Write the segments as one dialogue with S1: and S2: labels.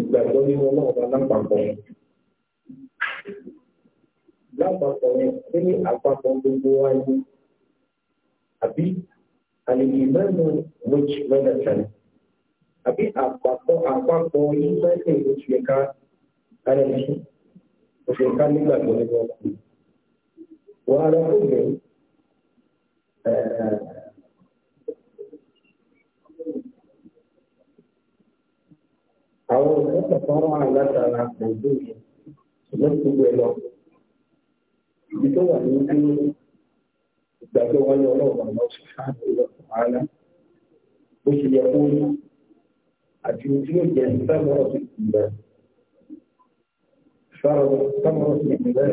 S1: ìgbàgbọ́ nínú ọlọ́run bá lápapọ̀ yẹn. lápapọ̀ yẹn ó ní àpapọ̀ gbogbo wa yẹn àbí àlejò mẹ́nu wíjì mẹ́nà tẹ̀lé àbí àpapọ̀ àpapọ̀ yìí mẹ́nu wíjì yẹn ká kálẹ̀ ní oṣù ká nígbàgbọ́ nínú ọlọ́run. wàhálà kò gbẹ̀yìn. àwọn òṣèlú kan wà látara pẹ̀lú ṣùgbọ́n ti gbẹ lọ. Ibi tó wà ní bí ìgbàgbọ́ wọn ní ọlọ́ọ̀bà lọ sí káàkiri lọ́kàn ara bó ṣe yẹ kó rí àti ojú ìjẹ sábọ̀rọ̀ sí ìgbẹ́. Sábọ̀rọ̀ sí ìgbẹ́.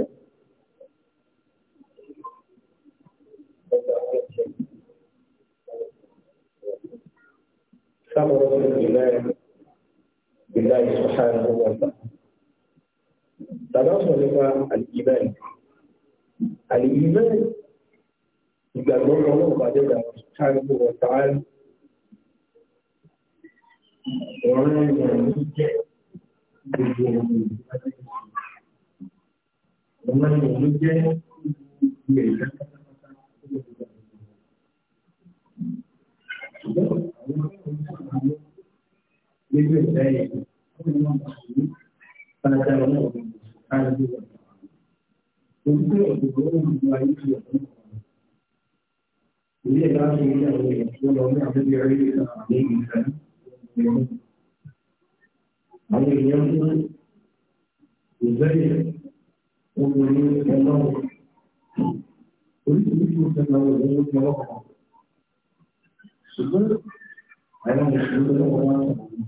S1: Sábọ̀rọ̀ sí ìgbẹ́. بالله سبحانه وتعالى تناصر لك الإيمان الإيمان إذا نرى بعد الله سبحانه وتعالى ومن يمجد ومن يمجد nígbà ìdáyẹ̀ ó ní wọn kò ní padà wọn káàdì wọn. Olùkọ́ òdòdó ó ń lu ayé ti ọ̀dọ́. Ilé ẹ̀ka ṣe ilé àwọn èèyàn tó lọ ní àbẹ́bí ẹ̀rí ìta àmì ìfẹ́ àwọn èèyàn tó ìbẹ́yẹ̀ ohun ní ọlọ́wọ́. Oríṣiríṣi ìṣẹ̀lẹ̀ àwọn èèyàn ló ń Ṣùgbọ́n àwọn ìṣòro lọ́wọ́ wá sọ̀rọ̀.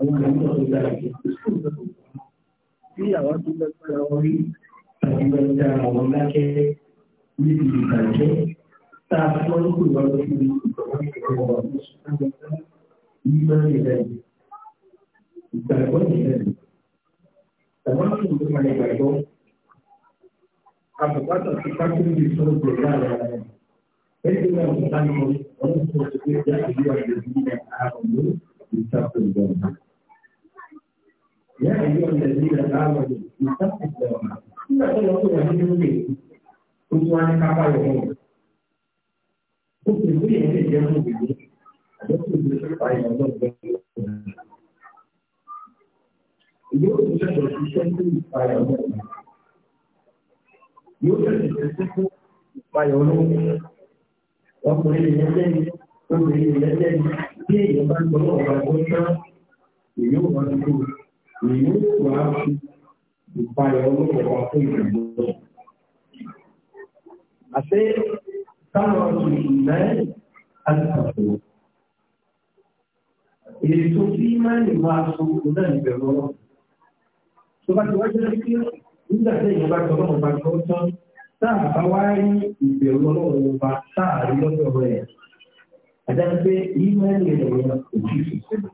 S2: àwọn àjọ tó dára
S1: jù tí àwọn tó dára wọn rí àti tó dára wọn lákẹ́ níbi ìbàjẹ́ tá a fi wọ́n kúrò wọn lọ síbi ìgbàgbọ́ wọn ní ṣùgbọ́n ìgbà ìrẹ́ ìgbàgbọ́ ìrẹ́ àwọn tó ń bá ìgbàgbọ́ àbùkátà ti kákiri di sọ́dọ̀ tó dára rẹ̀ ẹgbẹ́ náà ń bá ní wọn wọn kò tó ṣe pé ìyá àdúrà lè ní àrùn ló ìtàkùn ìgbàgbọ́. يا أيها الذين آمنوا اتقوا الله nígbà tó lọ sí ìwádìí lókè ó tún wá ní ní lè jẹ́ fún lè lè lẹ́sẹ̀ bí èèyàn bá gbọ́ ọ̀gá tó ń tán èyí ò bá ń gbọ́ èyí ó wà á fi ìpayà olóòwò fún ìgbàgbọ́. àti táwọn oṣù mẹ́rin alùpàdé ètò tí mẹ́rin máa so kò náà níbẹ̀ lọ́wọ́. tó bá ti wájú ní pé nígbà tí èyí bá tọ́lọ́ ọba tó tán táà bá wá rí ìbẹ̀rù ọlọ́run ọba táà rí lọ́dọ̀ rẹ̀ àdáńgbé yí mẹ́rin ẹ̀rọ òjì ìṣẹ̀lẹ̀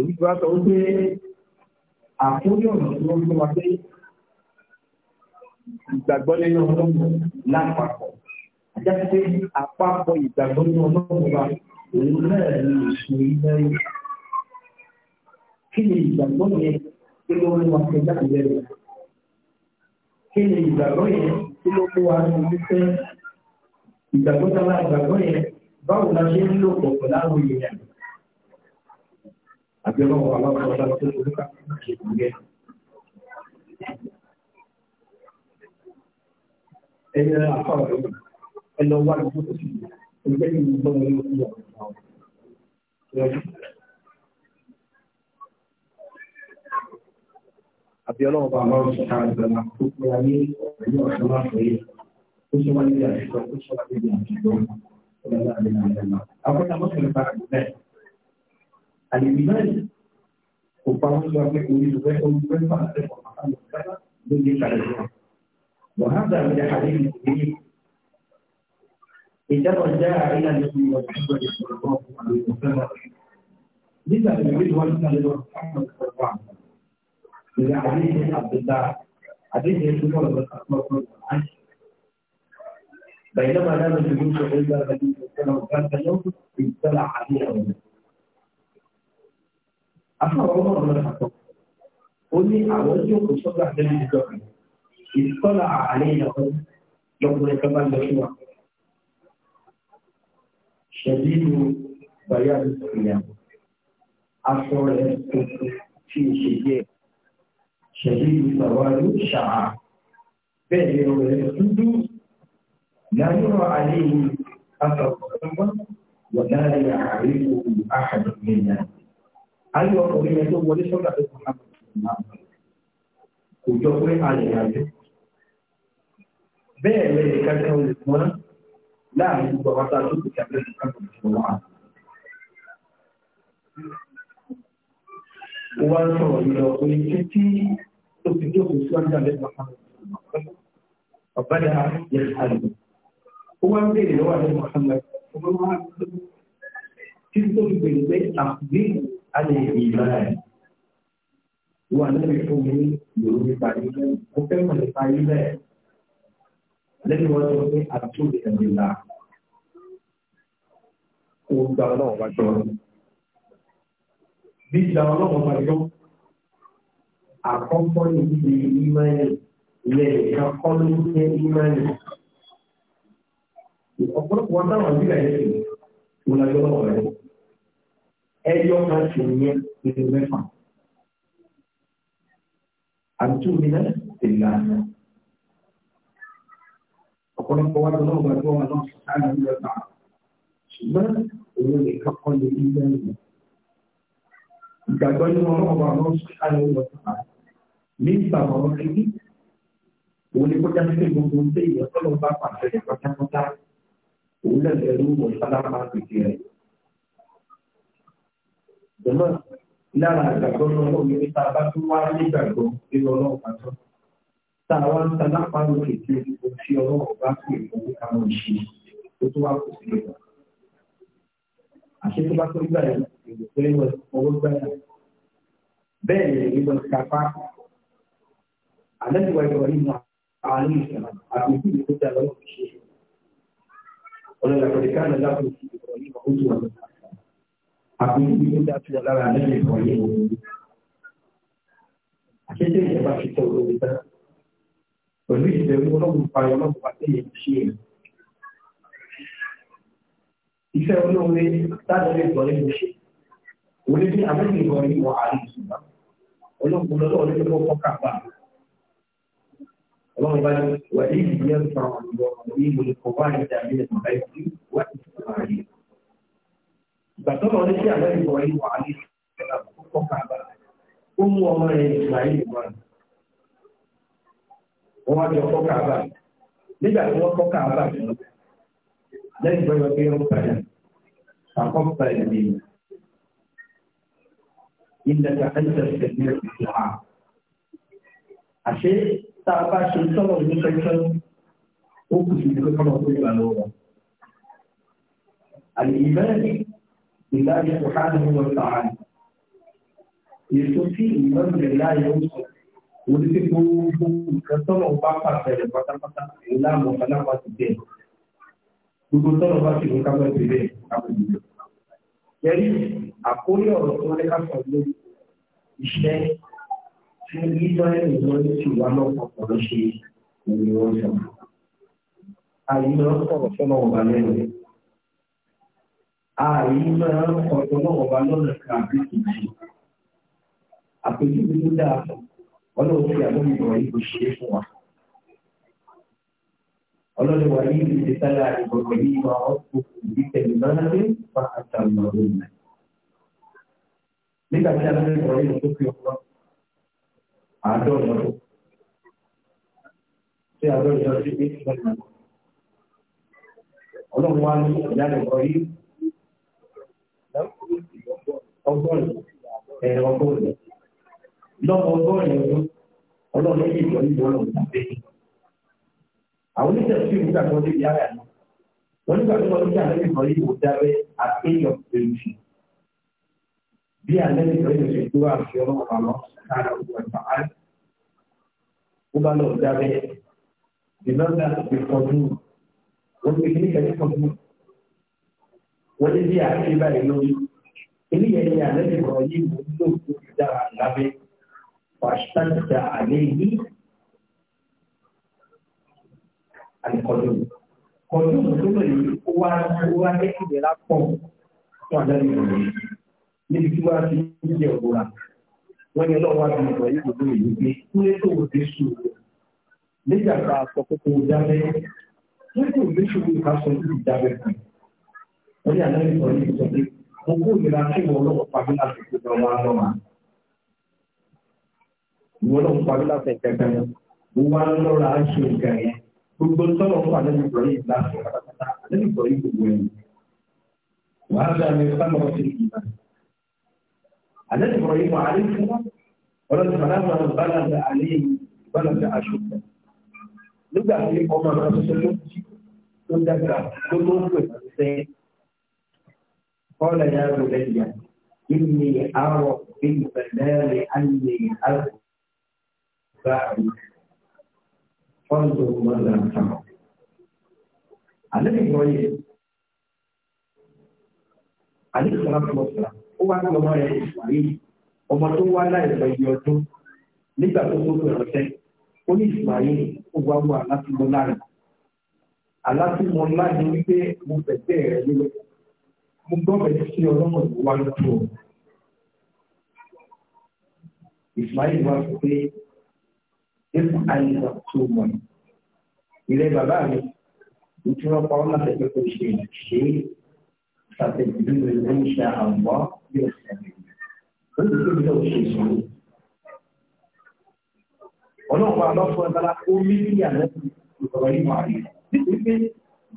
S1: èyí tó wá sọ wípé àkórí ọ̀nà tí wọ́n fún wa pé ìgbàgbọ́ lẹ́yìn ọlọ́run lápapọ̀ ajásí pé àpapọ̀ ìgbàgbọ́ ní ọlọ́run wa òun náà ní ìṣòro iná yìí kí ni ìgbàgbọ́ yẹn kí ló ń wá sí jáde lẹ́nu kí ni ìgbàgbọ́ yẹn kí ló kó wa ní wípé ìgbàgbọ́ náà ìgbàgbọ́ yẹn báwo la ṣe ń lò pọ̀ pẹ̀lú àwọn àbí ọlọ́wọ́ aláwọ̀ ọ̀dá tó lórí káàkiri ìgbìyẹ. ẹ̀yẹ àfáà rẹ̀ ẹlọ wà ní fótó sí ẹgbẹ́ ní ìgbọ́ ní orí ọ̀rọ̀ àbí ọlọ́wọ́ bá aláwọ̀ sọ̀tà àgbàlá tó pé ayé ẹ̀yẹ ọ̀sán láti rí ó ṣe wá níbi àṣìṣọ́ ó ṣe wá níbi àṣìṣọ́ ọ̀dọ́ àbí àṣìṣọ́ alimentaria. وفرنسا وإسرائيل وفرنسا في وفرنسا بالجيش على الجنة وهذا من الحديث الكريم إذا رجع إلى النبي والحبة صلى الله عليه وسلم لذا يريد ان لله محمد صلى الله عليه وسلم إلى حديث عبد الله حديث يسوع بن أسماء عنه بينما نام الجلوس إلا النبي صلى الله عليه وسلم كان يوم ابتلع عليه أولا àfáwọn ọmọ ọ̀rọ̀ àtọ̀ ó ní àwọn tí ó kò sọ́dọ̀ àtẹ́lẹ̀ ìjọ kan ìtọ́lá àárẹ̀ ìyàwó lọ́kùnrin kan bá lọ sí wa ṣẹ̀dí ìlú bàyá ìyàwó aṣọ rẹ̀ tuntun tí ì ṣe sàwárí ṣàá bẹ́ẹ̀ ni ọ̀rọ̀ rẹ̀ dúdú láyọ̀rọ̀ àlẹ́ yìí àtàkùn ọmọ wọ̀dá rẹ̀ àárẹ̀ òkú àkàdùn ayé ọkùnrin yẹn tó wọlé sọ́dọ̀ tó kọ̀ láti náà kò jọ pé arìnrìn àjò bẹ́ẹ̀ lẹ́yìn kájá olè mọ́ láàrin gbogbo àwọn tá a tó kìí abẹ́rẹ́ ìka tó kìí wọ́n á. ó wá ń sọ̀rọ̀ yìí lọ pé títí tó fi jókòó síwájú àlẹ́ pàápàá ọ̀bá dá yẹ àlùkò. ó wá ń béèrè lọ́wọ́ àlẹ́ pàápàá ọ̀bá wá títí tó fi béèrè pé àkùgbé alẹ́ ìgbà ẹ̀. Ìwà lẹ́bi fún mi yòó nípa ilé, mo fẹ́ mọ̀ nípa ilé. Lẹ́bi wọn sọ pé àtúndì ẹ̀mí là. o gba ọlọ́run wá jọ. Bí ìgbà ọlọ́run wá jọ, àkọ́kọ́ ní ìdílé ìmáyẹ̀ ilé ìkan kọ́ ló ń jẹ́ ìmáyẹ̀. Ọ̀pọ̀lọpọ̀ wọn táwọn ìbílẹ̀ yẹn ṣe, mo lájọ́ lọ́wọ́ rẹ̀ ẹyọ kan sì yẹn nínú mẹ́fà àtúnmínà ìlànà ọ̀pọ̀lọpọ̀ wa lọ́wọ́ wa lọ́wọ́ wa lọ́wọ́ sọ̀tàn ní ọ̀tà ṣùgbọ́n òun nìkan kọ́ lè rí lẹ́yìn ìgbàgbọ́ nínú ọlọ́wọ́ wa lọ́wọ́ sọ̀tàn ní ọ̀tà nígbà ọ̀rọ̀ kìíní òun ni kọjá sí gbogbo ń dé ìyẹn tọ́lọ́ bá pàṣẹ pátápátá òun lẹ́sẹ̀ ló wọ̀ sálábà pèsè rẹ̀ jọmọ lára àgbàgbọ́ náà ó ní nípa bá tún wá nígbàgbọ́ nínú ọlọ́run bá tọ́ tá a wá ń ta lápá lókè tí o fi ọlọ́run bá pè fún àwọn ìṣe tó tún wá kù sí ìgbà àṣẹ tó bá tó gbà yẹn ìlú pé owó gbà yẹn bẹ́ẹ̀ ni ìlú kápá àlẹ́sìwá ìwọ nínú àwọn ìṣẹ̀lẹ̀ àti ìlú tó tẹ̀ lọ́wọ́ ìṣe ọlọ́run kò lè àpèjúwe tó dá sílẹ̀ lára nílé ìwọ̀n yìí wò. Akéde ìjọba fi tẹ olórí tán. Pẹ̀lú ìbẹ̀rù ọlọ́run pa ọlọ́run pa tẹ̀yẹ̀ sí ẹ̀. Ìfẹ́ olóore dáadáa lè gbọ́n nínú ṣe. Òní ní abẹ́lé ìwọ̀n yìí wọ̀ àárín ìṣúná. Olóògùn lọ́dọ̀ ọdún tó kọ́ kápá. Ọlọ́run bá ní wà ní gbàtọ́nà ní sí àlẹ́ ìbọn yìí wà ní ìṣẹ̀lẹ̀ ṣe sọ́wọ́ ní pẹ́ńtọ́n ó kù ìdíkọ́ kọ́mọ tó ìgbà lọ́wọ́ àlè ìbẹ́rẹ̀ ìlàjì ṣùhánà wọn tààrí èso tí ìmọ̀lẹ̀ láyé ń sọ orí tí gbogbo nǹkan tọ́lọ̀ bá pàṣẹ rẹ̀ pátápátá ìlànà ọ̀pálápá ti bẹ̀ gbogbo tọ́lọ̀ bá ti nǹkan bẹ̀ bẹ̀ àbúrò yẹrí àkórí ọ̀rọ̀ tó wọlé ká sọ lórí iṣẹ́ tí israẹli lọ ni wọ́n sọ àyè náà sọ̀rọ̀ sọ́nà ọ̀bà ààyè máa ń kọjọ náà ọba lọ́nà kan àbí kìí àpèjúwe tó dáa ọlọ́run fi àwọn ìbọ̀wọ̀ yìí kò ṣe é fún wa. ọlọ́run wà ní ìlú ìtàlá ìbọ̀wọ̀ yìí wà ọ́pọ̀ ìdí tẹ̀lé náà lé fa àtàwọn ọ̀rọ̀ ìlú. nígbà tí a lọ rí ìbọ̀wọ̀ yìí tó fi ọkọ̀ àádọ́rin ọdún tí àádọ́rin ọdún ti gbé nígbà náà ọlọ́run wà ní ìyá ọgọ́rin ẹ̀rọ ọgọ́rin ọdún ọlọ́run yìí lọ nílùú ọlọ́run tàbí. àwọn oníṣẹ́ tí ìwúta débi ara náà wọ́n nígbà tó lọ́dún tí àlẹ́bí kan yìí kò dábẹ́ àkéyọ̀ pẹ̀lú bí àlẹ́bí kan yìí ṣe tó àfi ọlọ́run àlọ́ sára ọgbọ̀n ìgbà á ó bá lọ dábẹ́ ìlọ́dà ìfọdún ó ń pè ní ìfẹ́ wọ́n ní bí àṣírí báyìí lórí eléyẹn ni àlẹ́bí ọ̀rọ̀ yìí mò ń lò ó ti dára lábẹ́ wàṣíṣàṣà àlẹ́ yìí àlẹ́kọ̀dọ̀ kọ̀dọ̀ òṣèlú yìí ó wá ó wá ní ìlera pọ̀ fún àdáni ìròyìn níbi tí wọ́n ti ń jẹ òwúra wọ́n ní ọlọ́wọ́ àti ìrọ̀ yìí gbogbo ìlú pé kúlé tó ò dé sùn nígbà tá a sọ pé kò dábẹ́ kúlé tó ò dé sùn ká sọ pé kò dábẹ́ fún un orí àlẹ́ ìsọ yìí sọ pé mo kó ìlera kí ìwọ ọlọ́run pàdé láti ìpínlẹ̀ ọmọ alọ́mà ìwọ ọlọ́run pàdé láti ìkẹkẹ yẹn mo wá lọ́ra ṣe nǹkan yẹn gbogbo tọ́lọ̀ fún àlẹ́ ìsọ yìí láti pátápátá àlẹ́ ìsọ yìí gbogbo ẹ̀ wàá gba mi sábà ọtí ìgbà àlẹ́ ìsọ yìí wà á lé fún wa ọlọ́run padà قال يا بني إني أرى في المنام أني أتبعك فانظر ماذا ترى النبي إبراهيم عليه الصلاة والسلام ó wá lọ́mọ rẹ̀ ìsmail ọmọ tó wá láìpẹ́ iye ọdún nígbà tó tó lọ rẹ̀ ó ní ìsmail ó wá wọ alásùmọ́lá rẹ̀ alásùmọ́lá ni wípé mo fẹ̀fẹ́ rẹ̀ nílẹ̀ mo gbọ́bẹ̀ sí ọlọ́mọ ìlú wá ló tó ìsmáìlì wá sọ pé ẹkùn àyíká tó mọ̀ ilé bàbá mi mo ti rán pa ọlọ́mọ àtẹ̀pẹ́ kò ṣe ṣe ṣàtẹ̀jú nínú ìlú ń ṣe àwọ̀ bí ọ̀sẹ̀ mi ó sì tóbi náà ṣe ìṣòro ọlọ́pàá lọ́fọ́ ẹ̀dára ó mí ní àlẹ́ ìsọ̀rọ̀ yìí wà rí nítorí pé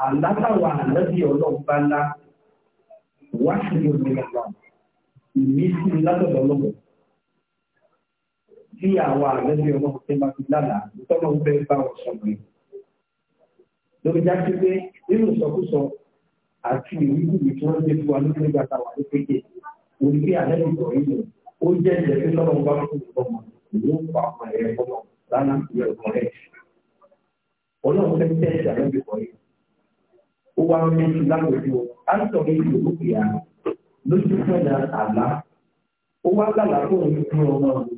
S1: àlátàwà àlẹ́ ọlọ́pàá ńlá wá ṣùgbọ́n mi lọ́wọ́ ìmísí látọ̀dọ̀ lọ́wọ́ tí àwọn àgbẹ̀bí ọmọ òfin máa fi lálàá tọ́mọ ń bẹ bá wọn sọ̀rọ̀ lórí jáde pé nínú ìsọkúsọ àti ìwíkúwì tí wọ́n ń gbé fún wa lórí ìgbà táwa ní pété orí pé àlẹ́ ìgbọ̀ yìí lọ ó jẹ́ ìjẹ́ pé tọ́lọ́ ń bá fún ìgbọ̀mọ̀ ìlú pa ọmọ ẹ̀rẹ́ ọmọ lánàá ìyẹn ọmọ rẹ̀ ọlọ́run fẹ́ tẹ́ ìjà lọ́bì kọ́ yìí ó wá ń lóṣù lápòjú á ń sọ méjì lókè yá lóṣù fẹ́ẹ̀dà àlá ó wá lálàá tó ń fi ọmọ rẹ̀.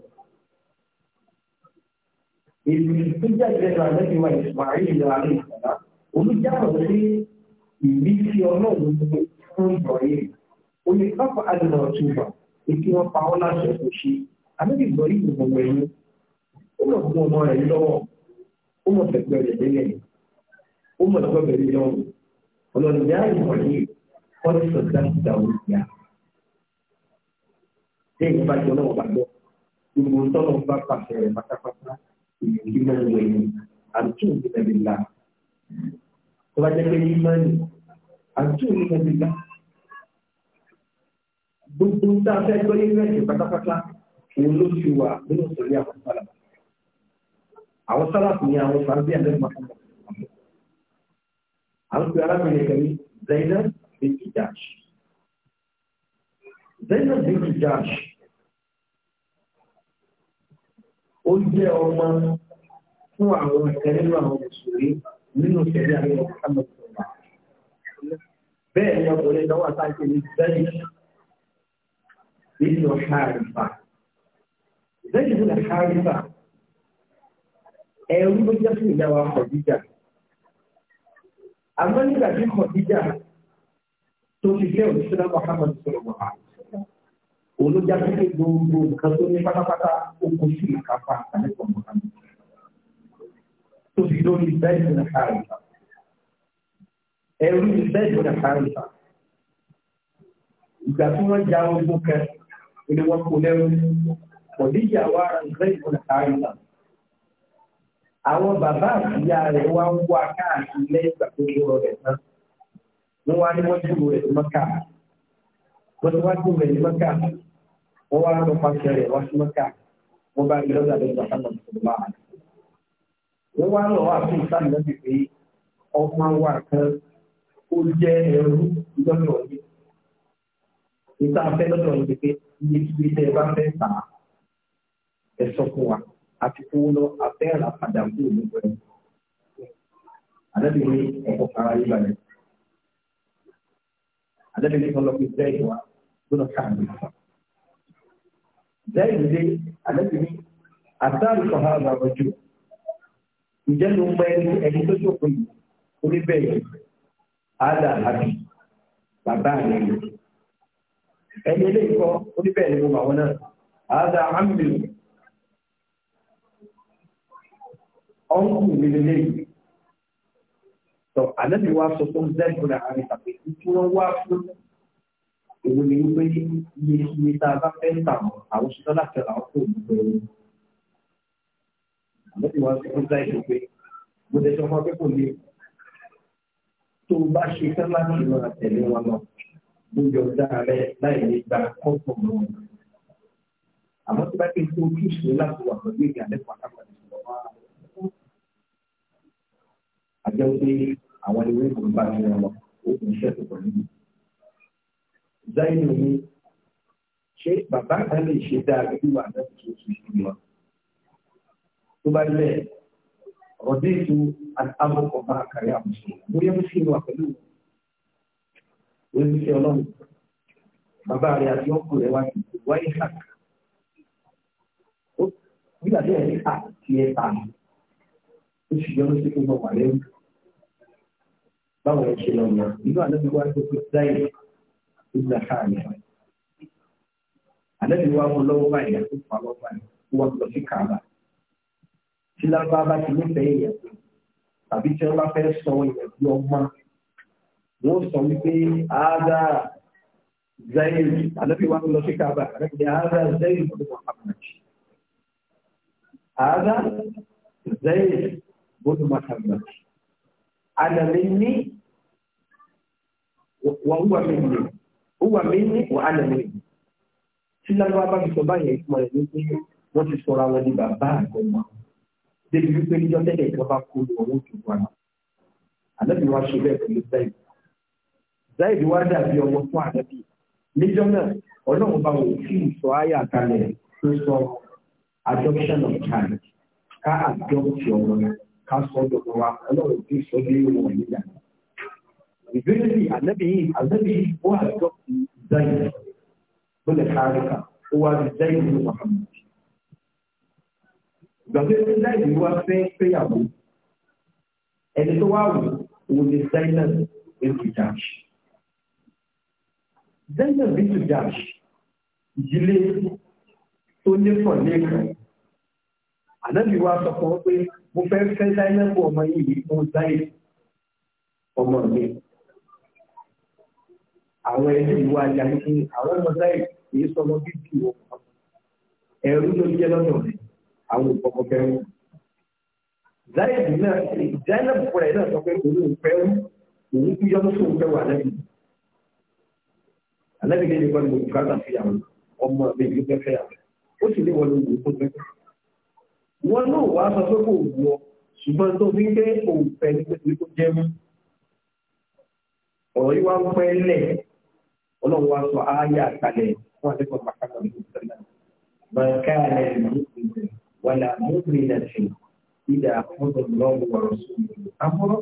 S1: Èmi tó jáde lẹ́nu àlẹ́bí wa ìsmarí ìlú alẹ́ ìsàlá olùjábọ̀ sí ìlú tí ọlọ́run fún ìbọ̀ yìí ó ní pápá àdìmọ̀ ọ̀túnbà ètò wọn pa ọ́ láṣẹ kò ṣe àlẹ́bí ìbọ̀ yìí kò gbọ̀ngbọ̀ ẹ̀yìn ó lọ fún ọmọ rẹ̀ lọ́wọ́ ó mọ̀ fẹ́ pẹ̀lẹ́ ó mọ̀ fẹ́ pẹ̀lẹ́ ọlọ́run yá ìmọ̀ yìí wọ́n ti sọ dáhùn dáhùn yá. Ṣé ìyẹn bá jọ lọ́wọ́ bá gbọ́? Gbogbo tọ́lọ̀ bá pàṣẹ rẹ̀ pátápátá ìyẹn kí mọ́ ìwé ni àtúntò nípa ibi ńlá. Tó bá jẹ́ pé ní mọ́ ni àtúntò nípa ibi ńlá. Gbogbo tá a fẹ́ gbọ́ yín mẹ́sìn pátápátá òun ló ti wà nínú ìsòrí àwọn sálà. Àwọn sálà kò àwọn fàájì àdéhùn àwọn pé arábìnrin kan ní Zainab binti Jahsh Zainab binti Jahsh ó jẹ́ ọmọ fún àwọn ẹ̀kẹ́ nínú àwọn mùsùlùmí nínú ìṣẹ̀lẹ̀ àwọn ọ̀pọ̀lọpọ̀ bẹ́ẹ̀ ni ọkùnrin náà wà táìpé ní Zainab nínú Haritha Zainab nínú Haritha ẹ̀rú ló jẹ́ fún ìyá wa Khadija àmọ́ nígbà tí kò díjà tó ti fẹ́ òṣìṣẹ́ Muhammad sọ̀rọ̀ wà. olójà tó ké gbogbo nǹkan tó ní pátápátá ó kó sí ìkápá àlẹ́kọ̀ọ́ Muhammad tó fi lórí bẹ́ẹ̀ ní àríwá ẹ̀rú bẹ́ẹ̀ ní àríwá ìgbà tí wọ́n ja ogun kẹ ni wọ́n kó lẹ́rú kò díjà wá bẹ́ẹ̀ ní àríwá àwọn bàbá àtìyá rẹ̀ wá ń wá káàkiri lẹ́yìn ìgbà tó gbọ́ rẹ̀ tán wọ́n wá ní wọ́n dúró rẹ̀ mọ́kà wọ́n ti wá dúró rẹ̀ ní mọ́kà wọ́n wá lọ pàṣẹ rẹ̀ wá sí mọ́kà wọ́n bá rí lọ́dà lọ́dà sábà tó bá wà. wọ́n wá lọ wá fún ìsáàlì lọ́dì pé ọmọ wa kan ó jẹ́ ẹrú lọ́dọ̀ yìí
S2: ìta fẹ́ lọ́dọ̀ yìí
S1: pé iye tí ibi tẹ́ ẹ bá fẹ́ tà ẹ sọ fún wa àti kówó lọ abẹ́rẹ́ àpàdà kúrò ní pẹ̀lú. Àdẹ́bí ní ẹ̀kọ́ ara yí balẹ̀. Àdẹ́bí ní kọ́ lọ fi bẹ́ẹ̀ wá gbọ́dọ̀ káàdì. Bẹ́ẹ̀ ni dé àdẹ́bí ní àtàrí sọ̀há àgbàgbọ́ jù. Ǹjẹ́ ló ń pẹ́ ní ẹni tó jókòó yìí? Orí Ádà àbí bàbá rẹ̀ yìí. Ẹni ilé ìkọ́ oníbẹ̀ẹ́ ni mo bà wọn náà. Ádà àmì ọ̀nkù mi lélẹ̀ yìí. Tọ́ àlẹ́bí wa sọ fún Zẹ́gbọ̀n àárín tàbí tí wọ́n wá fún èwo ni wípé iye iye tá a bá fẹ́ tà mọ́ àwọn ṣiṣẹ́ láti ra ọkọ̀ òmùgbẹ́ wọn. Àlẹ́bí wa sọ fún Zẹ́gbọ̀n pé mo lè sọ fún akẹ́kọ̀ọ́ mi tó o bá ṣe fẹ́ láti lọ àtẹ̀lé wọn lọ mo yọ dára láì lè gba kọ́kọ́ mọ́ wọn. Àmọ́ tí bá kí n tó kí ìṣòro láti wà pẹ̀lú ìgbà lẹ́kọ̀ọ́ àjẹ́ pé àwọn ewé kò bá mi rán lọ ó kì í ṣẹ̀tọ̀ pẹ̀lú mi. zainu ni ṣé bàbá kan lè ṣe dáa bí wà náà tó ti fi lọ. tó bá lẹ̀ rọ̀díìtù àbùkọ̀ bá kárí àmùsùn bóyá mo sì wà pẹ̀lú òun ṣe ọlọ́run bàbá rẹ̀ àti ọkùnrin wa ti wáyé kàkà nígbà tí ẹ̀ ní àti ẹ̀ ta ó sì yọ lọ sí pé mo wà lẹ́yìn báwo ló ṣe lọ mọ ìlú ànábi wá tó fi dáì ìgbà káàlẹ ànábi wá mú lọ́wọ́ báyìí àti fà lọ́wọ́ báyìí kó wá lọ sí kààbà tí lábá bá ti nífẹ̀ẹ́ èèyàn tàbí tí wọ́n bá fẹ́ sọ èèyàn bí ọmọ wọ́n sọ wípé áádá zayin ànábi wá lọ sí kààbà ànábi ní áádá zayin ló wà Muhammad áádá zayin ló wà Muhammad ana minni wa huwa minni huwa minni wa ana minni tí lágbá bá fi sọ báyẹn ìtumọ̀ rẹ̀ ní pé wọ́n ti sọra wọn ní bàbá àgbọ̀mọ́ débi wípé níjọ́ tẹ́lẹ̀ ìjọba kó ní ọwọ́ òjòjú àná
S2: àlẹ́bí wa ṣe bẹ́ẹ̀
S1: pẹ̀lú zaid zaid wá dàbí ọmọ fún àlẹ́bí níjọ́ náà ọlọ́run bá wò tí sọ ayé àkàlẹ̀ tó sọ adoption of child ká adopt ọmọ náà ká sọ gbogbo wa ọlọ́run tí sọ ní ìwọ̀n nígbà ìbéèrè bíi ànábì yìí ànábì yìí ó zayin bọ́lẹ̀ káríkà ó wá di zayin ní muhammed gbàgbé zayin ni wá fẹ́ fẹ́yàwó ẹni tó wá wù òun ni zainab bintu jash zainab bintu jash ìdílé tó ní fọ̀ lẹ́kọ̀ọ́ ànábì wa sọ fún ọ pé mo fẹ́ fẹ́ dáínàbù ọmọ yìí mo dáì ọmọ mi àwọn ẹni ìwà ajá ní àwọn ọmọ dáì kì í sọ ọmọ bíbí wọn ẹrú ló jẹ lọ́dọ̀ rẹ̀ àwọn òpópó fẹ́ràn dáìbì náà dáìnàbù fúnra ẹ̀ náà sọ pé òun ò fẹ́ràn òun kú yọ́nú sóun fẹ́ wà lẹ́yìn alẹ́bí lè ní wọn ní mo bùkátà fìyàwó ọmọ mi ló fẹ́ fẹ́yàwó ó sì ní wọn ní kó fẹ́ fẹ́ wọ́n náà wá sọ pé kò wù ọ ṣùgbọ́n tó fi ń gbé òǹfẹ́ ní pẹ̀lú kó jẹ́ mú ọ̀rọ̀ yìí wá ń pẹ́ lẹ̀ ọlọ́run wá sọ ááyà àkàlẹ̀ fún àdékọ̀ pàtàkì ọ̀dọ́ ìṣẹ̀lẹ̀ bàǹkà rẹ̀ lùmùkùn wàlà mùkùn ìdàtì ìdà àkọ́dọ̀ lọ́wọ́ wọ̀rọ̀ sórí àmọ́rọ́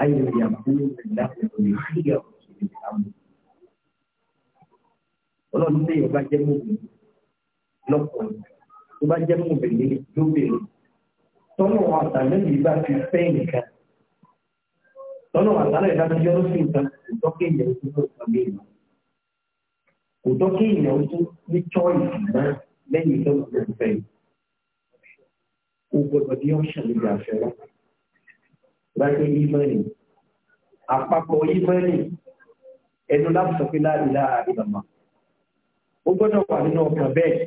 S1: ayélujára fún ìlànà ọlọ́run tẹ́yọ̀ bá jẹ́ mùkùn lọ́pọ̀ ìgbà bá jẹ́ mọ̀bìnrin lóbìnrin tọ́nà àtàlẹ́ yìí bá ti fẹ́ nìkan tọ́nà àtàlẹ́ yìí bá ti yọ́rọ́ sí nǹkan kò tọ́ kí èèyàn tún ló sọ bí ìmọ̀ kò tọ́ kí èèyàn tún ní choice náà lẹ́yìn tó kò fẹ́ yìí kò gbọdọ̀ bí ọ̀ṣẹ̀ níbi àṣẹ rẹ̀ láti ìmọ̀ni àpapọ̀ ìmọ̀ni ẹnu láti sọ pé láìláà ìlànà ó gbọdọ̀ wà nínú ọkàn bẹ́ẹ̀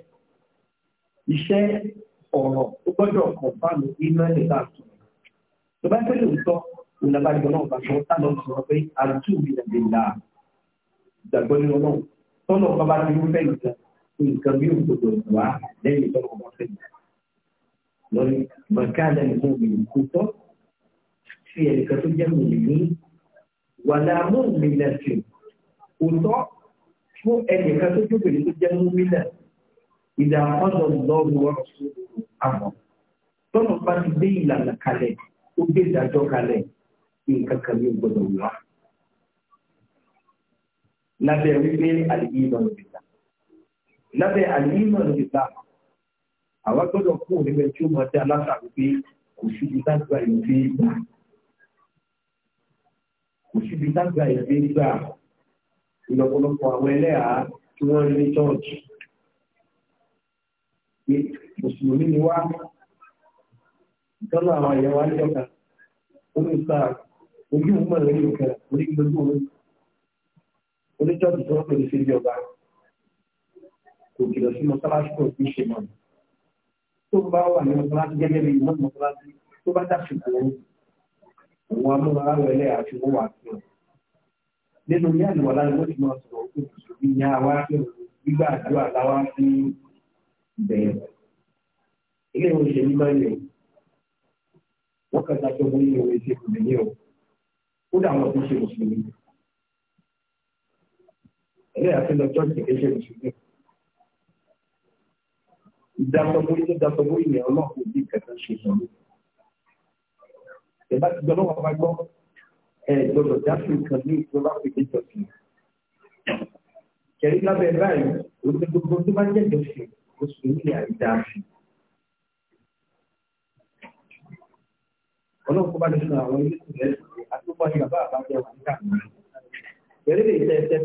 S1: iṣẹ́ ọ̀rọ̀ ó gbọ́dọ̀ kàn fáàmù iná ẹ̀ bá tó. tó bá fẹ́ lóòótọ́ ìlàbàjọ náà bá sọ tá lọ sọ̀rọ̀ pé àdúgbò mi là lè la ìgbàgbọ́ nínú náà tọ́nà bàbá ti ń fẹ́ nǹkan nǹkan bí òkòtò wá lẹ́yìn tọ́nà ọmọ fẹ́ lórí màkàlà ìmọ̀ mi kò tọ́ sí ẹ̀ka tó jẹ́ mi ní wàlámù mi nà sí fún ẹnìkan tó jókòó ìdá ọ̀dọ̀ lọ́rùn ọ̀rọ̀ àwọn tọ́nà bá ti dé ìlànà kalẹ̀ ó gbé ìdájọ́ kalẹ̀ nǹkan kan ní gbọdọ̀ wá. lábẹ́ wípé àlìyé ìmọ̀ ló bìtà lábẹ́ àlìyé ìmọ̀ ló bìtà àwa gbọ́dọ̀ kú níbẹ̀ tí ó mọ̀ sí aláṣà wípé kò síbi tágbà ìwé gbà kò síbi tágbà ìwé gbà ìlọ̀pọ̀lọpọ̀ àwọn ẹlẹ́yà tí wọ́n rí ní chọ́ọ̀chì pé mùsùlùmí ni wá ìtọ́nà àwọn ìyàwó àjọkà orí sáà ojú ìmọ̀ lórí òkè orí gbogbo oníjọ́bù tó ń pè ní sílé ọba kò kìlọ̀ sí mọ́sálásí kò kí ń ṣe mọ́ni tó bá wà ní mọ́sálásí gẹ́gẹ́ bí ìmọ̀ mọ́sálásí tó bá dàsìkò òun amúra rẹ̀ àti owó àti ọ̀ nínú ní àdìwọ̀lá ni wọ́n ti máa sọ̀rọ̀ òkú ìyá wa gbígbà àdúrà láwa bẹ́ẹ̀. Ilé ìwé ìṣèlú máa ń lè wọ́n kẹta tó mú nínú ìwé ìṣèlú mi ní o. Kódà àwọn tó ṣe mùsùlùmí. Ẹlẹ́yà àti lọ chọ́ọ̀tì kìí ṣe mùsùlùmí. Ìdásọ̀gbóyè tó dásọ̀gbóyè ni ọlọ́run òbí kẹta ṣe sọ̀rọ̀. Ìbá ti gbọ́ lọ́wọ́ bá gbọ́ ẹ gbọ́dọ̀ dáṣù kan ní ìjọba pèsè ìjọsìn. Kẹ̀rí lábẹ́ báyìí, òun ti gbogbo tó bá jẹ́ ìjọsìn. mùsùlùmí na àìdá sí. ọlọ́run kó bá nínú àwọn ilé ìtìlẹ̀ àtúbọ̀ ní bàbá àbájá wà ní káàkiri. Bẹ̀rẹ̀ lè tẹ́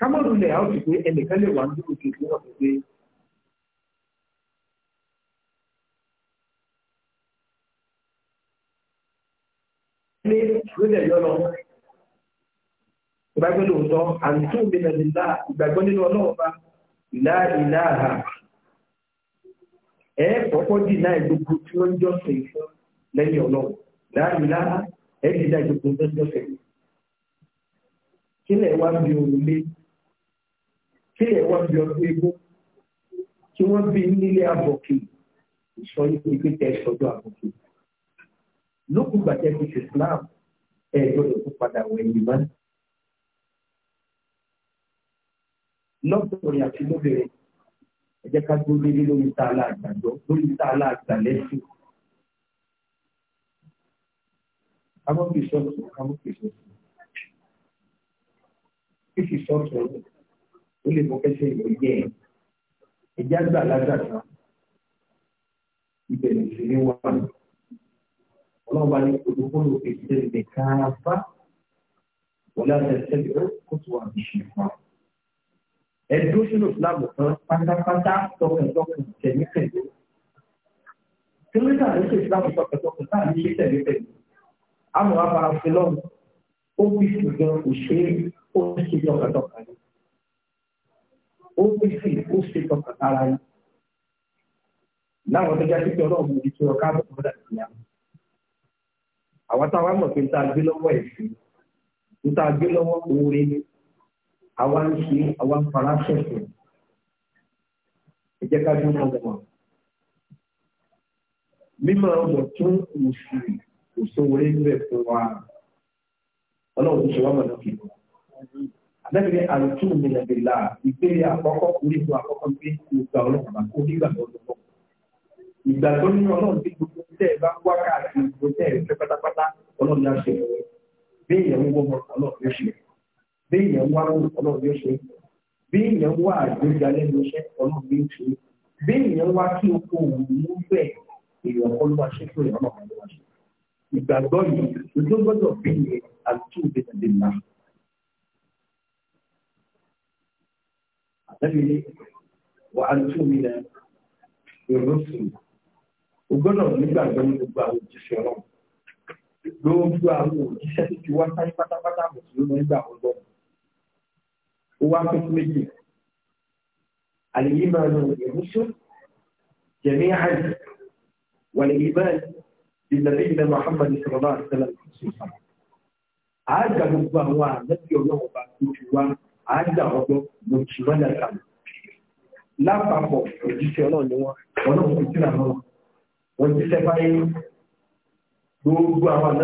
S1: kámọ́rù lẹ̀ á ó sì pé ẹnìkan lè wà ní òkè ìlú náà pé ilé ìrẹ́lẹ̀ yọ lọ ìgbàgbọ́ lóòótọ́ àǹtú mi nà nílá ìgbàgbọ́ nínú ọlọ́ọ̀bá ìlà ìlà àhà ẹ kọ́kọ́ dì náà gbogbo tí wọ́n ń jọ́sìn fún lẹ́yìn ọlọ́run láàrínlá ẹ dì náà gbogbo tí wọ́n ń jọ́sìn fún kílẹ̀ wá bí òun lé tí ẹ̀wọ́ bí ọdún egbó tí wọ́n bí nílé àbọ̀kì sọ yìí pé tẹ̀ sọ́jọ́ àbọ̀kì. lókùn gbàtẹ́ fi ṣe Islam ẹ̀ gbọ́dọ̀ tó padà wẹ̀yìn mọ́. lọ́kùnrin àti lóbìnrin ẹ jẹ́ ká gbó lórí lórí tá a láàgbàjọ lórí tá a láàgbàlẹ́sìn. Amókè sọ́ọ̀tù, amókè sọ́ọ̀tù. Kí sì sọ́ọ̀tù ọ̀dọ̀? ó lè mú kẹ́sẹ̀ ìwòye ẹ̀ ẹ̀já gbà lásàkà ibẹ̀ nìṣẹ́lẹ̀ wà ọlọ́ọ̀bá ní olùkọ́lù ìṣẹ̀lẹ̀ nìkan afá wọlé àtẹ̀sẹ̀lẹ̀ ó kó tó wà ní ṣèkọ́ ẹ̀dúró sínú ìsìlámù kan pátápátá tọkàntọkàn tẹ̀mítẹ̀mí kílódé àdúgbò ìsìlámù tọkàntọkàn táà ní ṣe tẹ̀mítẹ̀mí àmọ́ àfarasin lọ́wọ́ ó bí ṣùgbọ́n òṣèré ó ṣe tọkàntọkàn yìí. ó pín sí ó ya na ara yìí láwọn tó jáde pé ọlọ́run ní ìtura káàbọ̀ tó dà sí yàrá àwọn táwa mọ̀ pé tá a gbé lọ́wọ́ ẹ̀sìn tó tá a ń fara fún wa ọlọ́run tó àdẹ́bìnrin àlùtù ìmìnà bèèlà ìpele àkọ́kọ́ orígun àkọ́kọ́ pé ìgbà ọlọ́run bá kó nígbà tó lọ́wọ́. ìgbà tó ní ọlọ́run tí gbogbo tẹ́ ẹ bá wá káàkiri gbogbo tẹ́ ẹ fẹ́ pátápátá ọlọ́run yá ṣe ẹ̀wẹ́ bí èèyàn ń wọ́mọ ọlọ́run yóò ṣe bí èèyàn ń wá ọlọ́run yóò ṣe bí èèyàn ń wá àgbéga lẹ́nu iṣẹ́ ọlọ́run yóò àtẹ́bí wà á tún mi lẹ ìrúsùn o gbọ́dọ̀ nígbàgbọ́ ní gbogbo àwọn òjíṣẹ́ ọlọ́run gbogbo àwọn òjíṣẹ́ tó ti wá sáyé pátápátá mùsùlùmí nígbà wọn gbọ́ ó wá pín méjì àlèyé máa lo ìrúsùn jẹ̀mí àìsàn wàlèyébẹ́ẹ̀ ìlànà Muhammad sallallahu alaihi wasallam àgbà gbogbo àwọn àmẹ́bí ọlọ́run bá tó ti wá àádà ọdún ló ti lápapọ̀ òjíṣẹ́ ni wọ́n fi wọ́n báyé gbogbo àwọn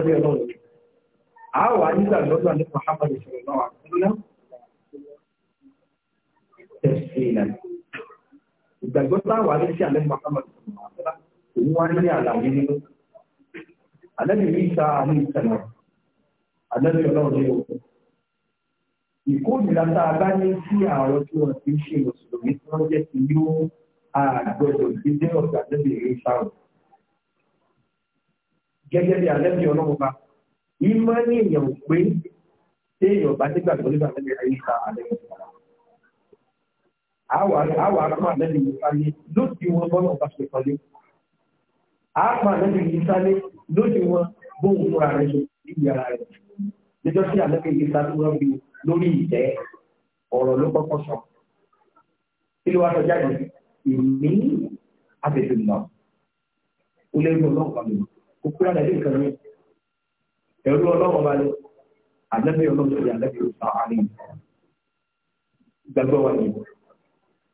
S1: a wà nígbà lọ́dọ̀ ní Muhammad sọ̀rọ̀ náà wà nílá tẹ̀sí ìlànà ìgbàgbọ́ táwà ní sí ànábì Muhammad sọ̀rọ̀ náà wà òun wá ní àlàyé nínú ànábì Ìsá ní òkú ìkórìíra tá a bá ní sí àwọn tí wọn ti ń ṣe mùsùlùmí tí wọn jẹ ti yóò àgbọ́dọ̀ ìdílé ọgbà níbi ìrìn sáwọn gẹ́gẹ́ bí alẹ́bí ọlọ́run bá ìmọ̀ ní èèyàn pé tí èèyàn bá nígbà tó nígbà níbi ayé ka alẹ́bí ọlọ́run. àwọn àpá alẹ́bí yìí sálé ló ti wọn bọ́lá ọba ṣe kọ́lé. àpá alẹ́bí yìí sálé ló ti wọn bóun fúnra rẹ̀ ṣe níbi rẹ̀. níjọ́ sí alẹ́bí yìí sálé wọ́n bí lórí ìtẹ́ ọ̀rọ̀ ló kọ́kọ́ sọ kí ló wá sọ jáde ìní àbẹ̀tẹ̀ nà ó lẹ́nu ọlọ́run kan lò ó kúrò àdàdé nǹkan mi ẹ̀rú ọlọ́run balẹ̀ àdàbẹ̀ ọlọ́run sọ̀rọ̀ àdàbẹ̀ ọ̀sán àárín gbàgbọ́ wa ni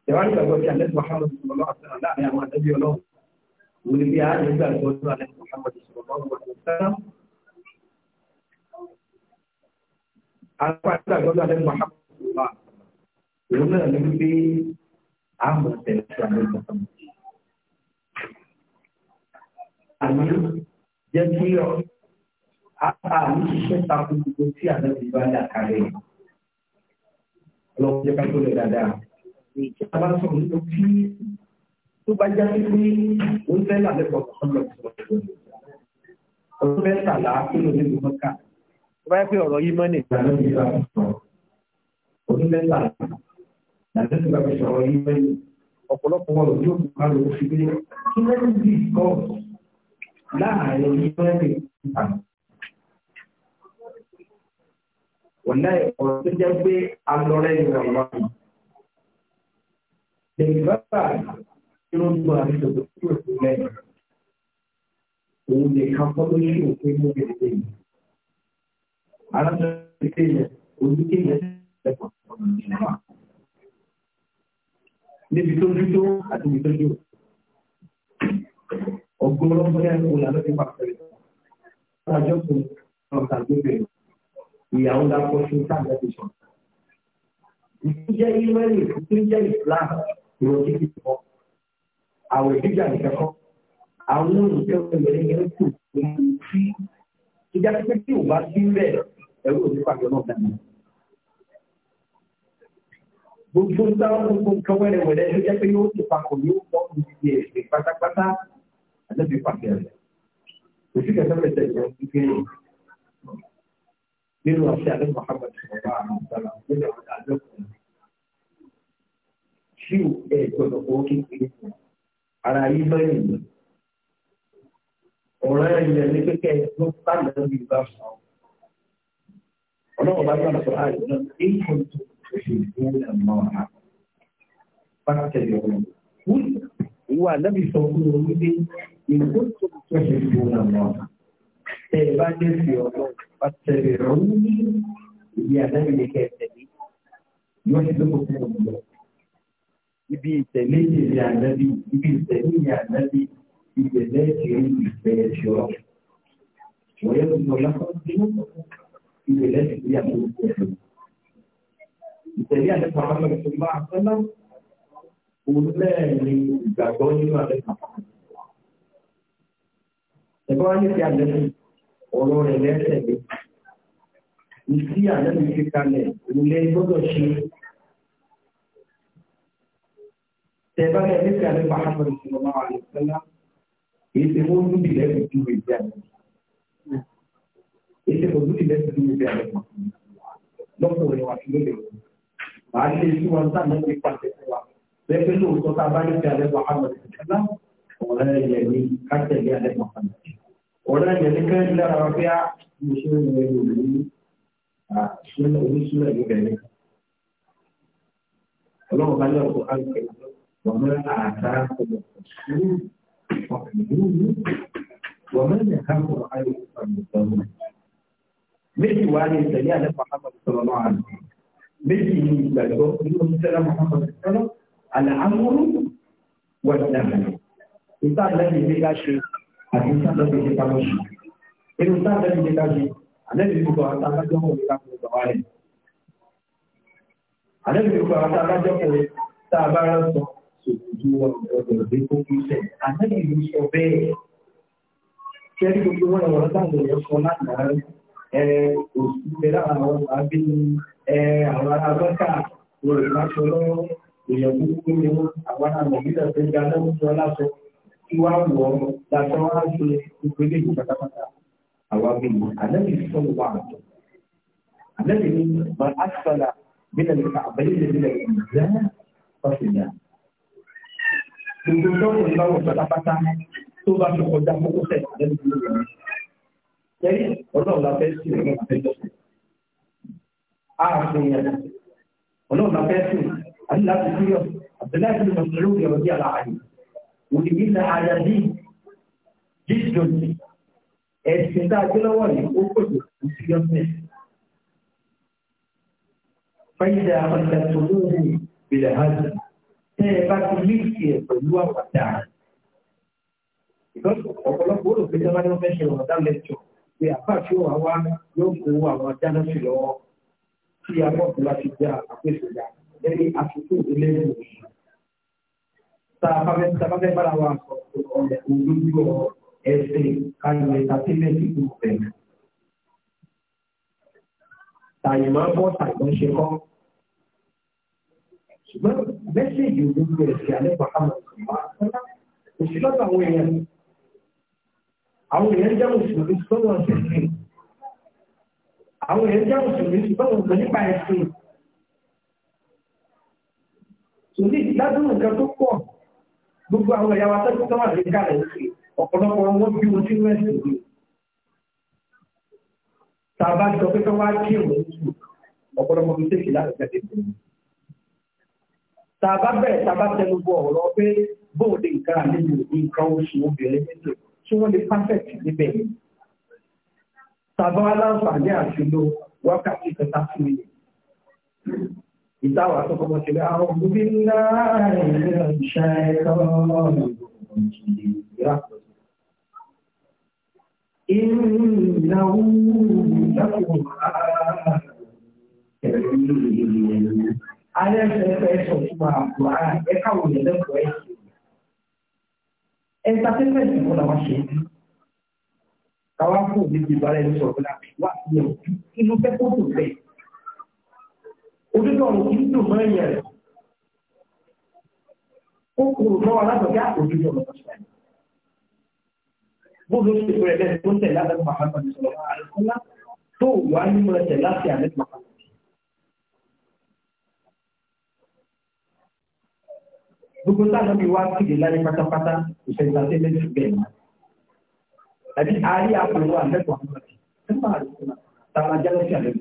S1: ìwà ní gbàgbọ́ tí àdàbẹ̀ Muhammad sọ̀rọ̀ àtàrà láàrin àwọn àdàbẹ̀ ọlọ́run wọ́n apá tí àgbọ̀dọ̀ alẹ́ máa hàn wá ìlú náà ní wípé àmọ̀ tẹ̀lé sí àlẹ́ ìgbàkan. àmì jẹ́ kí ọ apá àmì ṣiṣẹ́ takò gbogbo tí àlẹ́ ti bá dà kalẹ̀ ọlọ́run jẹ́ ká tó lè dáadáa. ìjọba bá sọ nípa tí tó bá já sí pé ó ń fẹ́ làlẹ́ kọ̀ọ̀kan lọ sọ̀rọ̀ ọdún mẹ́tàlá kí ló dé lọ́kàn báyẹ̀ pé ọ̀rọ̀ yìí mọ́nì. ọ̀pọ̀lọpọ̀ ọ̀rọ̀ yóò kú ká ló fi gbé kí wọ́n ń bí kọ́ láàárín yìí mọ́nì. wọ́n náà ọ̀rọ̀ tó jẹ́ pé alọ́rẹ́ ni wọ́n wá. Yorùbá bá irun tó àti tòkòtò tó lẹ́yìn. Òun lè ka fọ́tò sí òfin mú gẹ̀gẹ̀ yìí. Níbi tó dúdú àti ibi tó dúdú. Ọgbọ́n ọgbẹ́ ọ̀la ló ti pàṣẹ. Ṣáàjọ́ kò ọ̀tà gbẹ́gbẹ́ ìyàwó dákọ̀ sí sáàjọ́ ti sọ. Ìtújẹ́ Ímẹ́lì ìtújẹ́ ìsìláàmù ìrọ̀jì ti pọ̀. Àwẹ̀ jíjà ìkẹ́kọ̀ọ́. Àwọn olùkẹ́kọ̀ọ́ ìrẹ́lẹ́gẹ́rẹ́ kù tó máa ń fi. Ìjà pípẹ́ tí ò bá sí bẹ́ẹ̀. ẹ̀rú òní pàdé náà dànù. Gbogbo táwọn gbogbo está wẹ́rẹ̀ wẹ̀rẹ̀ ló jẹ́ pé yóò ti papọ̀ yóò pọ̀ ní ti ẹ̀sìn pátápátá àdébí pàdé rẹ̀. Kò sí kẹsàn-án rẹ̀ tẹ̀lé ọdún kí ẹ̀yìn. Nínú àṣẹ àdé Muhammad Sọ̀rọ̀ àwọn ọ̀dọ́là nínú àwọn àjọkùnrin. Ṣí ẹ̀ gbọ́dọ̀ owó kékeré. Ara yí máa ń yìn. Ọ̀rọ̀ ẹ̀yìn ni pé kẹ́ ẹ tó bá lọ́ọ́ bí bá sọ̀rọ̀. ọlọ́wọ́ bá gbọ́dọ̀ sọ ààrẹ náà èyí kò tó ṣe fún ẹ̀mọ́ àá bá tẹ̀lé ọ̀rọ̀ wí ìwà lẹ́bi sọ fún mi wípé èyí kò tó ṣe fún ẹ̀mọ́ àá tẹ̀ bá jẹ́ sí ọ̀rọ̀ bá tẹ̀lé ọ̀rọ̀ wí ní ìdí àdáyé ní kẹ́ tẹ̀lé yóò ṣe lóko fún ọ̀rọ̀ ibi ìtẹ̀lé ìdí àdáyé ibi ìtẹ̀lé ìdí àdáyé ibi ìtẹ̀lé ìdí ìfẹ́ ẹ̀ṣọ́ wọ́n yẹ ìrẹ̀lẹ̀ ìgbéyàwó ìgbéyàwó. Ìtẹ̀lé àdẹ́kọ̀ọ́ àwọn ọmọ ìṣòro máa fẹ́ náà. Òun lẹ́ẹ̀ni ìgbàgbọ́ nínú àdẹ́kọ̀ọ́. Ẹ̀gbọ́n wá ní ti àdẹ́kọ̀ọ́ ọ̀rọ̀ rẹ̀ lẹ́sẹ̀ mi. Ìdí àdẹ́kọ̀ọ́ fi kalẹ̀ ìlẹ̀ gbọ́dọ̀ ṣe. Tẹ̀bá lẹ́ẹ̀ni ti àdẹ́kọ̀ọ́ àwọn ọmọ ìṣòro máa wà ní Ese producto inverso de un empleador. No puede o así ah, lo digo. Màá ṣe sí wọn sáà náà ti pàṣẹ fún wa. Bẹ́ẹ̀ pé lóòótọ́ tá a bá ní fi àlẹ́ wà hàn lọ́sẹ̀ kẹ́lá, ọ̀rẹ́ yẹn ni ká tẹ̀lé àlẹ́ wà hàn. Ọ̀rẹ́ yẹn ni kẹ́rin lára wa pé á mo ṣe ń rìn ìlú ní àṣírí oníṣúlẹ̀ níbẹ̀rẹ̀. Ọlọ́run bá yọ̀ fún àgbẹ̀ wọ́n mẹ́rin àtàrà kọ̀ọ̀kan sí ọ̀rẹ́ ìlú wọ́n mẹ́rin àkàkọ̀ ayọ̀ fún àgbẹ̀ méjì wá ní ìtẹ̀lé àlẹ́ Muhammad sallallahu alaihi wasallam méjì ní ìgbàgbọ́ ní oníṣẹ́lá Muhammad sallallahu àlẹ́ amúrú wà ní àlẹ́ ìta àlẹ́bí ní ká ṣe àti ìta àlẹ́bí ní ká lọ́ṣù inú ìta àlẹ́bí ní ká ṣe àlẹ́bí ní kò àti alájọ́ kò ní ká fún ìgbà wálẹ̀ àlẹ́bí ní kò àti alájọ́ kò ní tá a sọ sòkòtò wọn ọ̀dọ̀ ìgbé tó kú sẹ̀ àlẹ́bí ní sọ bẹ́ẹ̀ kẹ́rí òṣìṣẹ́ láwọn àwọn àbí àwọn alágbọ́ta olùrànṣọ lọ́wọ́ èèyàn gbogbo ni wọ́n àwọn àmọ̀gídà tó ga lọ́wọ́ tí wọ́n láṣọ kí wá wọ̀ ọ́ láṣọ wá ṣe gbogbo ilé ìlú pátápátá àwọn abẹ́yẹ àlẹ́bí sọ̀rọ̀ wà àtọ̀ àlẹ́bí ni mà á sọ̀rọ̀ bílẹ̀ nípa àbẹ́lẹ̀ bílẹ̀ ìjẹ́ ọ̀sìnà gbogbo lọ́wọ́ lọ́wọ́ pátápátá tó bá fi kọjá kókó lẹ́yìn ọlọ́run la fẹ́ sùn ọlọ́run la fẹ́ jọ́sìn ààfin yẹn ọlọ́run la fẹ́ sùn àti láti sírí àbẹ̀láì tó lọ sọ̀rọ̀ òkè ọdí àlàáyé òní ilẹ̀ àyàdí jíjọsí ẹ̀sìn tá a gbé lọ́wọ́ yìí ó pèsè fún síríọ́sìn fẹ́yìndà ọ̀sẹ̀ tó lóhùn ìbílẹ̀ hajj tẹ́ ẹ bá ti líìsì ẹ̀ pẹ̀lú àpàtà ìdọ́sọ̀ ọ̀pọ̀lọpọ̀ olùgbé tí wọ́n bá wọ́n fẹ́ ṣe ọ̀dà lẹ́tọ̀ọ́ pé àpáàtì òwà wa yóò kó àwọn dáná sí lọ́wọ́ tí agbọ́dọ̀ láti jẹ́ àpèsè dà lẹ́ni àtúntò ilé ìwòsàn. Tá a bá fẹ́ bára wa sọ ọ̀rọ̀ olójú ọ̀rọ̀ ẹsẹ̀ kayọ̀ ẹ̀tàtímẹ́tì tó fẹ̀. Tàyìmọ́ bọ́ tàyìmọ́ ṣe kọ́. Ṣùgbọ́n mẹ́sẹ̀jì olójú ẹ̀sẹ̀ alẹ́ pàtàkì òṣìlọ́tà àwọn èèyàn àwọn èèyàn jẹ́ mùsùlùmí sọ́wọ́n ṣẹ̀ṣẹ̀ àwọn èèyàn jẹ́ mùsùlùmí sọ́wọ́n ṣẹ̀ṣẹ̀ nípa ẹ̀sìn tòní ìdádúró nǹkan tó pọ̀ gbogbo àwọn ẹ̀yà wa tẹ́kọ̀ọ́ tó wà ní kàlẹ̀ sí ọ̀pọ̀lọpọ̀ wọn bí wọn sí wẹ́ẹ̀sì ni tàbá sọ pé kí wọ́n á kí òun tù ọ̀pọ̀lọpọ̀ fi tẹ̀sí láti tẹ̀sí tàbá bẹ̀rẹ̀ tàbá tẹnu bọ̀ ọ̀rọ̀ pé bóòdì nǹkan àlejò nǹkan oṣù obìnrin nítorí kí wọ́n lè perfect níbẹ̀. Tàbá aláǹfààní àṣìlò wákàtí kẹta fún mi. Ìtawà tó kọ́kọ́ ṣe àwọn òbí ńlá ìṣe ẹ̀rọ إنه لكم آية على سيفة سوى القرآن يقول لكم entertainment kọ́ la wá ṣe é káwá kò ní ti bára ẹni sọ̀rọ̀ pẹ̀lú àbí wá sí ẹ̀ inú fẹ́ kó tó bẹ̀ ojútọ̀ ọ̀rọ̀ kì í dùn mọ́ ẹ̀yẹ rẹ̀ ó kúrò lọ́wọ́ alábọ̀dé àpòjútọ̀ ọ̀rọ̀ kọ̀ṣẹ̀ bóòlù ṣe pẹ̀lẹ́ tó tẹ̀ láti àdébùmọ̀ àpapọ̀ ìṣòro àrùn tó wà nínú ẹ̀tẹ̀ láti àdébùmọ̀ àpapọ̀ gbogbo táwọn mi wá kéde láyé pátápátá ìṣẹ̀lẹ̀ àti ẹgbẹ́ bẹ́ẹ̀ ma. Àbí àárí àpòlọ́ àlẹ́kọ̀ọ́ àwọn ọ̀rẹ́ tí máa rí fún tàbí ajálẹ̀ sí àlẹ́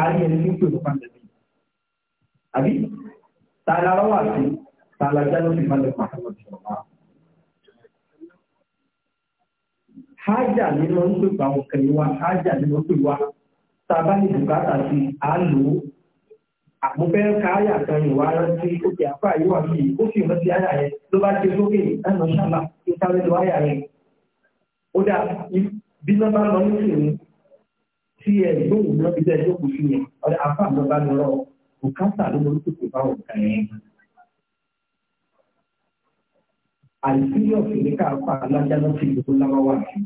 S1: àárí ẹni ní pẹ̀lú pàtàkì. Àbí tààlà ara wà sí tààlà ajálẹ̀ sí máa lẹ́kọ̀ọ́ àwọn ọ̀rẹ́ Hájà nínú ń pè bá ọkàn wa, hájà nínú ń pè wá, tàbá ní bùkátà sí àlòó àpòfẹ́ káyà kan ìwà rántí òkè àpá yóò àbí ó sì rántí àyà yẹn ló bá ti sókè ẹnu ṣàlà tó sáré lọ àyà yẹn. ó dà bí wọ́n bá lọ nísìnyí tí ẹ lóhùn náà fi tẹ́lẹ̀ lókùn sí yẹn ọ̀dà àpá àmọ́ bá lọ rọ̀ òkàtà ló mọ lókùn bá wọn kà yẹn. àìsílẹ̀ ọ̀sìn ní káàpá alájà náà ti lò tó wà sí.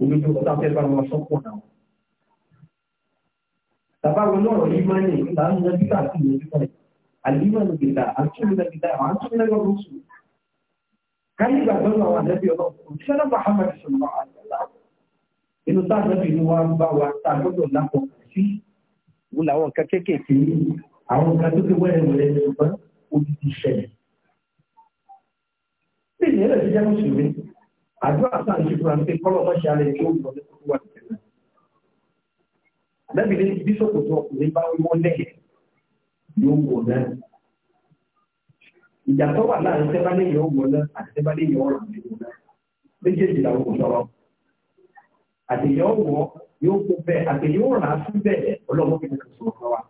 S1: omi tó kọ́ta fẹ́ bá wọn sọ́kùn náà. Tàbáwo lọ́rọ̀ yìí máa ń ní ìgbà ń lọ bíbà sí ìyẹn bíbà yìí. Àlìmọ̀ ní gbèdà, àtúnlẹ̀ gbèdà, àtúnlẹ̀ lọ́rọ̀ sùn. Káyé ìgbàgbọ́ lọ àwọn àdẹ́bí ọlọ́run, òṣìṣẹ́ náà Muhammad sọ̀rọ̀ àdàlá. Inú tá àdẹ́bí ni wọ́n bá wa tá gbọ́dọ̀ lápọ̀ sí. Wọ́n làwọn nǹkan kéékèèké àwọn nǹkan tó ké wẹ́rẹ́wẹ́rẹ́ ní ṣùgbọ́n odidi ṣẹlẹ̀. Bí ìyẹn lè ti jẹ́ mùsùlùmí, àdúrà sáà ń ṣe fúnra pé kọ́lọ́ lẹ́bìlẹ́ bíṣọ̀pù tó ọkùnrin bá wọlé yóò wọ̀ náà ìyàtọ̀ wà láàrin tẹ́bálẹ̀ yóò wọ̀ náà àti tẹ́bálẹ̀ yóò rà nínú náà méjèèjì làwọn kò sọ̀rọ̀ àtẹ̀yọ́ wọ̀ yóò kó bẹ́ẹ̀ àtẹ̀yọ́ rà fún bẹ́ẹ̀ ọlọ́wọ́ fi kò sọ̀rọ̀ wa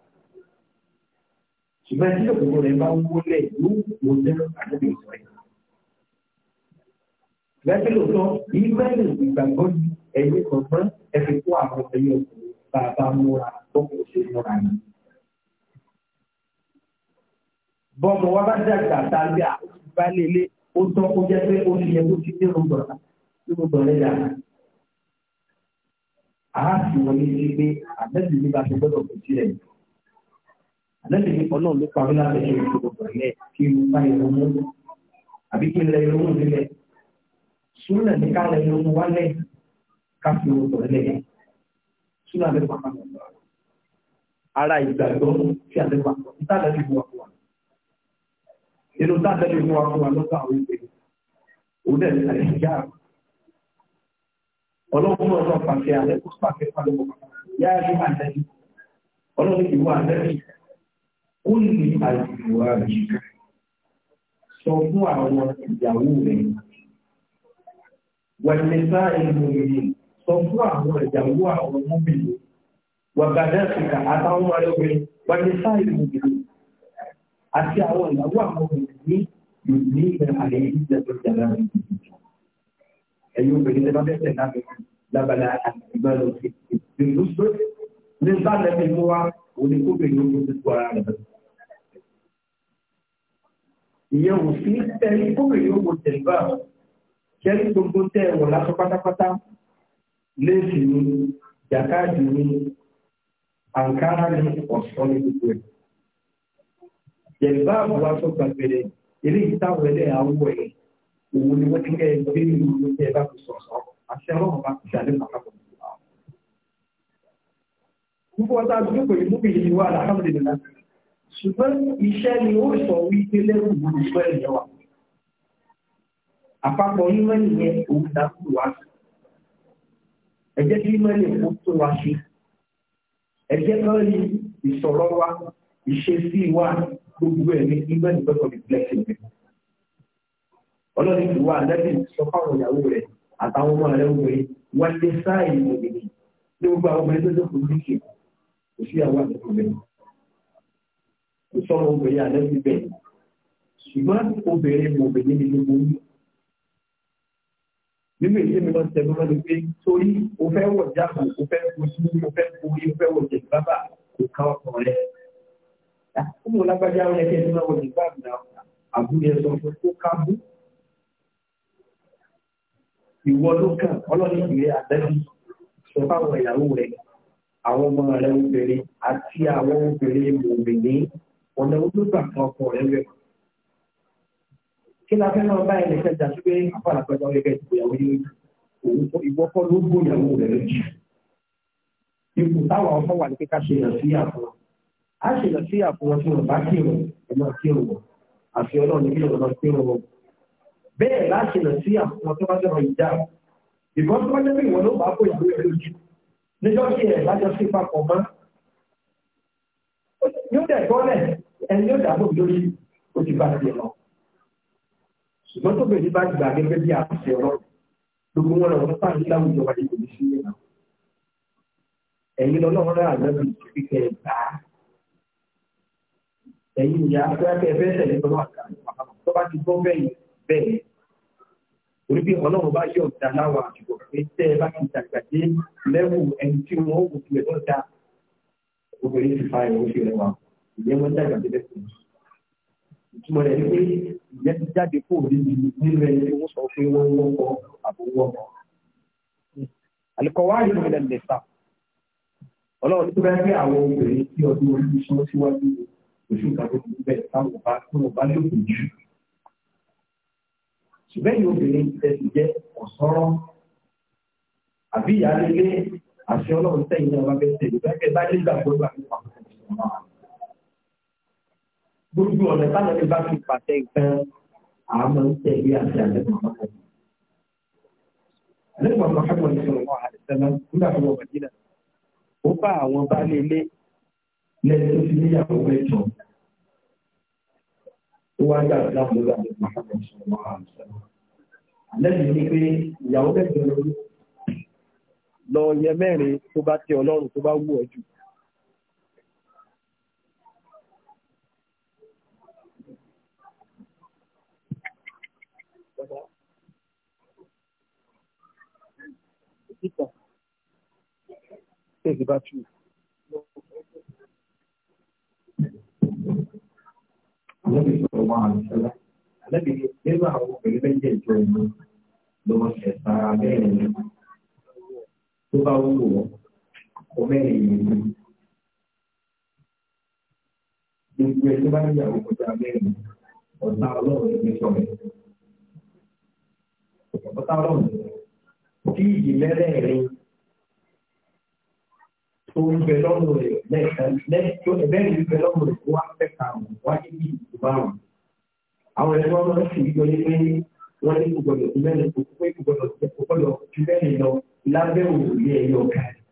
S1: ṣùgbọ́n tí òkúrò rẹ̀ bá wọlé yóò wọ̀ náà àti Lẹ́bí lòótọ́, ìmẹ́lì ìgbàgbọ́ ẹ̀yìn kọ̀ọ̀kan ẹ̀fẹ̀ kó àwọn ẹ̀yìn ọkùnrin bàbá múra tó kò ṣe múra ni. bọ́ọ̀mù wa bá dàgbà tàbí àbálẹ̀ ilé ó tọ́ ó jẹ́ pé ó yẹ kó ti dérò bọ̀rọ̀ dérò bọ̀rọ̀ yà á. àá sì wọlé ní pé àbẹ́bí mi bá ti gbọ́dọ̀ kò sílẹ̀ àbẹ́bí mi ọlọ́run ló parí láti ṣe ìṣòro bọ̀rọ̀ yẹ kí n bá ìrún mú àbí kí n lẹ ìrún mú nílẹ̀ sùúrù ní ká lẹ ìrún wálẹ̀ ká fi ìrún bọ̀rọ̀ yẹ súnà àdébà ara ìgbàgbọ́ tí àdébà ìtàlẹ́ fi wà fún wa inú tàbí ìlú wa fún wa lọ́gbà àwọn ìpè òun ẹ̀ ẹ̀ yá ọlọ́run ọ̀rọ̀ pàṣẹ alẹ́ kó pàṣẹ pàdé mọ́ yá ẹni àtẹ́jú ọlọ́run ìlú àtẹ́jú ó ní àìsàn wa rẹ̀ sọ fún àwọn sọ fún àwọn ìyàwó àwọn ọmọbìnrin wàgbàdà síkà àtàwọn ọmọ rẹ̀ obìnrin wà ní sáì obìnrin àti àwọn ìyàwó àwọn obìnrin ní ìlú ìgbẹ́ àlẹ́ ìjẹ́ tó jẹ́ra rẹ̀ ẹ̀yin obìnrin tẹ́ bá fẹ́ tẹ̀ lábẹ́ lábala àtìgbà lọ sí ìlú sọ ní sálẹ̀ mi mú wa òní kóbìnrin ló ti tó ara rẹ̀ ìyẹn ò sí ẹni kóbìnrin ó wò tẹ̀lé bá kẹ́rí gbogbo tẹ́ ẹ̀wọ̀ lásán pátápátá léèsì ni jàkáàdì ni àǹkárá ni ọ̀sán ní gbogbo ẹ̀. yẹ̀lbá àbúrá tó gbàgbẹ̀rẹ̀ eré ìtawọ̀ ẹlẹ́ àwọ̀ ẹ̀ òun ni wọ́n ti kẹ́ gbé ìlú ní ẹ̀ bá fi sọ̀sọ̀ àti ọlọ́run bá fi ṣàlẹ́ pàtàkì. Gbogbo ọ̀tá àdúgbò yìí mú mi yìí wá alhamdulillah. Ṣùgbọ́n iṣẹ́ ni ó sọ wípé lẹ́rù ìgbésẹ̀ ìyẹn wà. Àpapọ̀ yín mẹ́rin yẹn òun dàkúrò wá sí ẹ jẹ́ kí mẹ́lì kó tó wa ṣe ẹ jẹ́ kí wọ́n rí ìsọ̀rọ̀ wa ìṣesí wa gbogbo ẹ̀ ní ibẹ̀ ní bẹ́ẹ̀ kọ́ bí blessing mi. ọlọ́run ti wá lẹ́bí sọ fáwọn ìyàwó rẹ̀ àtàwọn ọmọ rẹ̀ wọ̀nyí wọ́n lé sáàyè òbí ní gbogbo àwọn ọmọ ẹgbẹ́ tó kù níkì kò sí àwọn àti obìnrin kò sọ̀rọ̀ obìnrin àlẹ́ bíbẹ̀ ṣùgbọ́n obìnrin mọ̀ nínú ìṣe mi lọ sí ẹgbẹ́ lọ́dún pé torí o fẹ́ wọ̀ jáàbù o fẹ́ fojú o fẹ́ forí o fẹ́ wọ̀ jẹ̀ bábà kò ká ọkàn rẹ̀. àkókò lágbájá ó yẹ kí ẹni máa wọ̀ jẹ̀ báàbù náà àbúrò ẹ̀ sọ fún kó ká bú. ìwọ ló kàn ọlọ́ni ìrẹ́ àtẹ́bí sọ fáwọn ìyàwó rẹ̀ àwọn ọmọ rẹ̀ obìnrin àti àwọn obìnrin mòmìnir ọ̀nà olóògbà kan ọkọ rẹ̀ rẹ̀ kù kí la fẹ́ máa bá ẹnì kẹta sí pé àpàlàpẹ̀jọ gẹ́gẹ́ ti gbòyàwó yìí ìwọ kọ́ ló gbòyàwó rẹ̀ lójú. ipò táwọn ọkọ wà ní kíkà ṣe yàn sí àfọ a ṣe yàn sí àfọ wọn tí wọn bá kírun ẹ máa kírun wọn àfi ọlọ́run níbi ìrọ̀lọ́ kírun wọn. bẹ́ẹ̀ láṣẹ yàn sí àfọ wọn tó bá jẹ́ ìjà ìbọn tó bá jẹ́ pé ìwọ ló bá kó ìyàwó rẹ̀ lójú níjọ́ sí ẹ̀ lájọ sí papọ̀ mọ́ yóò dẹ̀ gbọ́lẹ̀ ẹni yóò dàbò lórí ó ti bá ti lọ ṣùgbọ́n tó bẹ̀rẹ̀ bá gbà gẹ́gẹ́ bí àṣẹ ọ̀rọ̀ gbogbo wọn lọ́wọ́ fà ní láwùjọ wáyé kò ní sí ìyẹn ẹ̀yin lọ́lọ́run rẹ̀ àgbẹ̀bí kíkẹ́ gbà á ẹ̀yin ìyá akẹ́kẹ́ fẹ́ tẹ̀lé lọ́wọ́ tó bá ti gbọ́ bẹ́ẹ̀ bẹ́ẹ̀ orí bí ọlọ́run bá yọ̀ ọ̀dà láwà àjùbọ̀ pé tẹ́ ẹ bá ti dàgbà dé lẹ́wù ẹni tí wọ́n wù ú ẹ̀ lọ́dà obìnrin ti fa ẹ̀wọ̀n fi rẹwà ìyẹn wọ́n dàgbà dé bẹ́ẹ̀ ìtumọ̀ rẹ̀ ni pé ìyẹn ti jáde kó níbi nínú ẹni tí wọ́n sọ pé wọ́n ń wọ́pọ̀ àbòwọ́ ọkọ̀. àlùkọ́wá yìí ló ń lẹ̀ sá ọlọ́run tó bá gbé àwọn obìnrin tí ọdún orí sọ síwájú oṣù tàbí bẹ̀ táwọn bá tó wọn bá lókè jù. ṣùgbọ́n ìyẹn obìnrin tẹ̀sí jẹ́ ọ̀sọ́rọ́ àbí ìyáálé lé àṣẹ ọlọ́run tẹ̀yìn náà bá bẹ́ẹ̀ tẹ̀lé bẹ́ẹ̀ bá dé ìgbàgbọ́ gbogbo ọ̀nà táwọn ẹni bá fi pàṣẹ nǹkan àmọ́ ń tẹ̀lé àti àlẹ́kọ̀ọ́ mọ́kànlá. àlẹ́kọ̀ọ́ mọ́kànlá ní sọ̀rọ̀ mọ́ àlẹ́sẹ̀lá nígbà tó wọ mọ̀dínà ó bá àwọn baálé ilé lẹ́yìn tó fi níyàwó mẹ́jọ. ó wá gbà láwọn lọ́dọ̀ àlẹ́kọ̀ọ́ mọ́kànlá sọ̀rọ̀ mọ́ àlẹ́sẹ̀lá.
S2: àlẹ́bí ni pé
S1: ìyàwó mẹ́jọ lọ yẹ mẹ́rin tó bá tẹ ọlọ́run tó bá wù ọ́ jù speaker. Take the battery. Àlẹ́bí sọ̀rọ̀ wá àmì sọ́lá. Àlẹ́bí nínú àwọn obìnrin méjèèjọ ìlú ló wọ́n ni. Tó bá wúlò wọ́n, kò mẹ́rin yìí ni. Gbogbo ẹ̀ tó bá tí ìyè mẹ́rẹ̀ẹ̀rin tó ń bẹ lọ́nà rẹ̀ lẹ́ẹ̀kan bẹ́ẹ̀ ní bẹ lọ́nà rẹ̀ wá pẹ́ka àwọn wáyé bí ìbá wọn. àwọn ẹ̀rọ wọn máa ń fi ìjọ yẹn pé wọ́n ní kò gbọdọ̀ tún mẹ́rin kò pé kò gbọdọ̀ kò gbọdọ̀ tún mẹ́rin lọ lábẹ́ òòlù ẹ̀yọ ọ̀gá rẹ̀.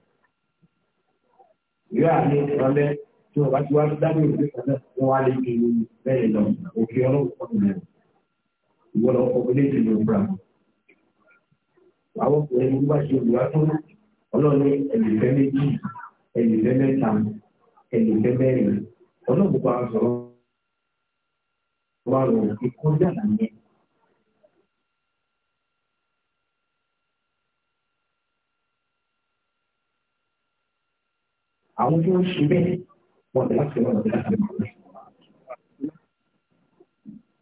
S1: ìyá mi ìrọ̀lẹ́ tí wọ́n bá ti wá dábẹ́ òòlù kan náà wọ́n wá lè fi mẹ́rin lọ òkè ọlọ́run àwọn ọkùnrin ní bá ṣe olùwà tó ọlọ́ni ẹ̀lẹ́fẹ́ méjì ẹ̀lẹ́fẹ́ mẹ́ta ẹ̀lẹ́fẹ́ mẹ́rin ọlọ́gbọ̀n bá sọ̀rọ̀ wà lọ ìkọjá nìyẹn. àwọn tí wọ́n ṣe bẹ́ẹ̀ wọ́n ti láti wọ́n ti láti wọ́n.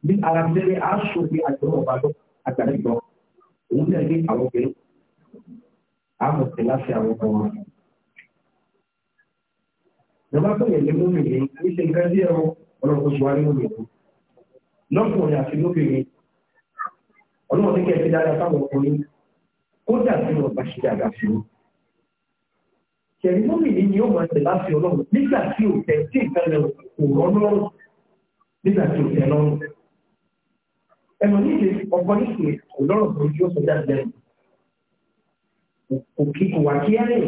S1: bí ara ń délé aṣọ bí àjọ ọba lọ àgbàdo ìgbọ́ òun náà ní àwọn obìnrin àmọ̀tẹ́ láti àwọn ọmọ wọn. Ìjọba tó yẹ ní lómi ní ṣe nǹkan bí ẹ̀rọ ọlọ́pọ̀ ṣùgbọ́n ní lómi ní. Lọ́kùnrin àti lóbìnrin, ọlọ́run ní kẹ́ẹ̀kẹ́ dáadáa fáwọn ọkùnrin, kódà tí wọ́n bá ṣe dáadáa sí wọn. Ṣẹ̀rí lómi ní ni ó máa tẹ̀ láti ọlọ́run nígbà tí ò tẹ̀ sí ìfẹ́ lọ kò rọ́ lọ́rùn nígbà tí ò lọ́rùn ẹnu nílé ọgbọ́n níṣe kò lọ́rọ̀ tó yóò sọ jáde lẹ́nu kò kí kò wá kí á rè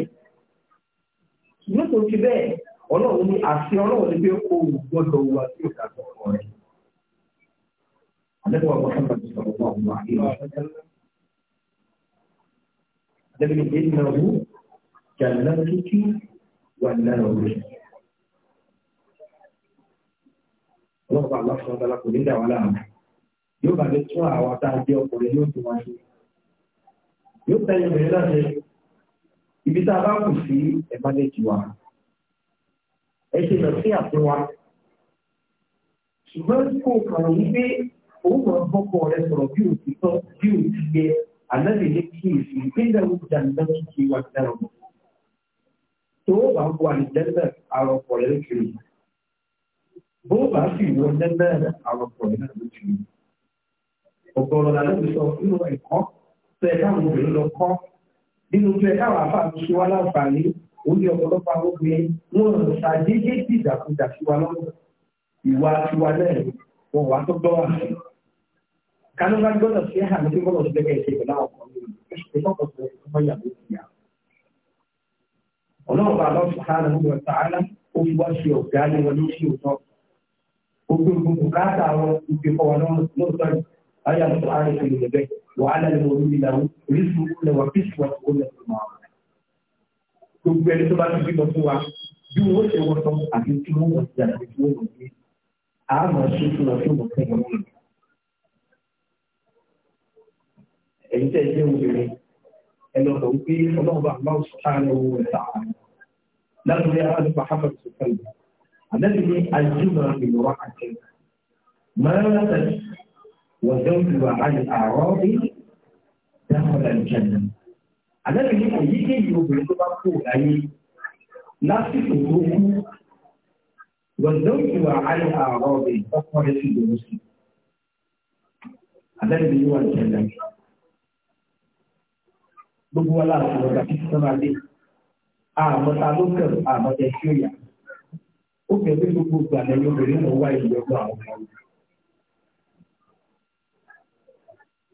S1: ṣùgbọ́n tó ti bẹ́ẹ̀ ọlọ́run ní àṣẹ ọlọ́run ní pé kò gbọ́dọ̀ wá sí ìta ọ̀rọ̀ rẹ̀ àlẹ́kọ̀ọ́ àwọn ọ̀sán kan ti sọ̀rọ̀ fún àwọn àgbẹ̀ rẹ̀ lẹ́yìn ìdíjìnàwó jàǹdà tútù wà nínú rẹ̀. ọlọ́pàá aláṣọ ọ̀dọ́lá kò ní dà wà láàmú yóò bá lè tún àwọn tá a jẹ ọkùnrin yóò tún wá ṣe yóò tẹ ìbẹ̀rẹ̀ náà ṣe ibi tá a bá kù sí ẹ̀bá lè jì wá ẹ ṣe lọ sí àfin wa ṣùgbọ́n kò kàn ní pé òun máa bọ́kọ̀ rẹ sọ̀rọ̀ bí ò ti tọ́ bí ò ti yẹ àlẹ́ lè kí èsì ìpínlẹ̀ òkúta nígbà tó ti wá dára mọ́ tó o bá ń wà ní dẹ́gbẹ̀ àròpọ̀ rẹ̀ lókèrè bó o bá sì wọ dẹ́gbẹ̀ àròpọ̀ rẹ̀ lókèrè ọ̀gọ̀rọ̀ làlẹ́ mi sọ nínú ẹ̀kọ́ tó ẹ̀ káwọn obìnrin lọ kọ́ nínú tó ẹ̀ káwọn afáàlú ṣe wá láǹfààní orí ọ̀pọ̀lọpọ̀ àwọn obìnrin wọn ò ṣàdédé dìdàkudà sí wa lọ́wọ́ ìwà tiwa náà wọn wà tó gbọ́ wà sí. kánú bá gbọ́dọ̀ sí ẹ̀hà ní gbọ́dọ̀ sí lẹ́gẹ̀ẹ́ ṣe ìpínlẹ̀ ọkọ̀ mi ìfọ̀kọ̀ tó ẹ̀ fún ọ̀yà ló ti yà. ọlọ́run bá lọ sùn hánà ní ọ̀tá àlá ó fi wá ṣe ọ̀gá ní wọn ní ṣe òótọ́. gbogbo gbogbo káàtà wọn ìgbẹ́kọ̀ wọn lọ́wọ́ أي المتعارف للبيع وعلى المولود له رزقهن وكسوتهن بالمعروف gbogbo ẹni tó bá ti bímọ fún wa bí wọn ṣe wọn tán àti tí wọn wọn ti àti tí wọn wọn gbé a máa ṣe fún wọn tó wọn fún wọn wọn. ẹ̀yin tẹ́ ẹ jẹ́ obìnrin ẹ lọ sọ pé ọlọ́run bá máa sọ káàrin owó rẹ̀ sáà lánàá ní aráàlú pàápàá tó fẹ́ lọ. àlẹ́ mi ní ajúmọ̀ ìlú wa àti máa ń rẹ̀ wọ̀dọ́dùwà àyè àrọ́bí dáhùnlá ìjẹ̀nà. Àlẹ́bí ní èyíkéyìí obìnrin tó bá kú láyé lásìkò tó kú wọ̀dọ́dùwà àyè àrọ́bí ọkọ rẹ̀ sì lòó sí. Àlẹ́bí ní wà ìjẹ̀nà. Gbogbo wa láti lọ gbà títí sọ́nà dé. Àmọ́ta ló kẹ̀rù àmọ́tẹ́ sí òyà. Ó kẹ̀rù gbogbo gbàlẹ́ obìnrin náà wá ìyọ̀gbọ́ àwọn ọmọ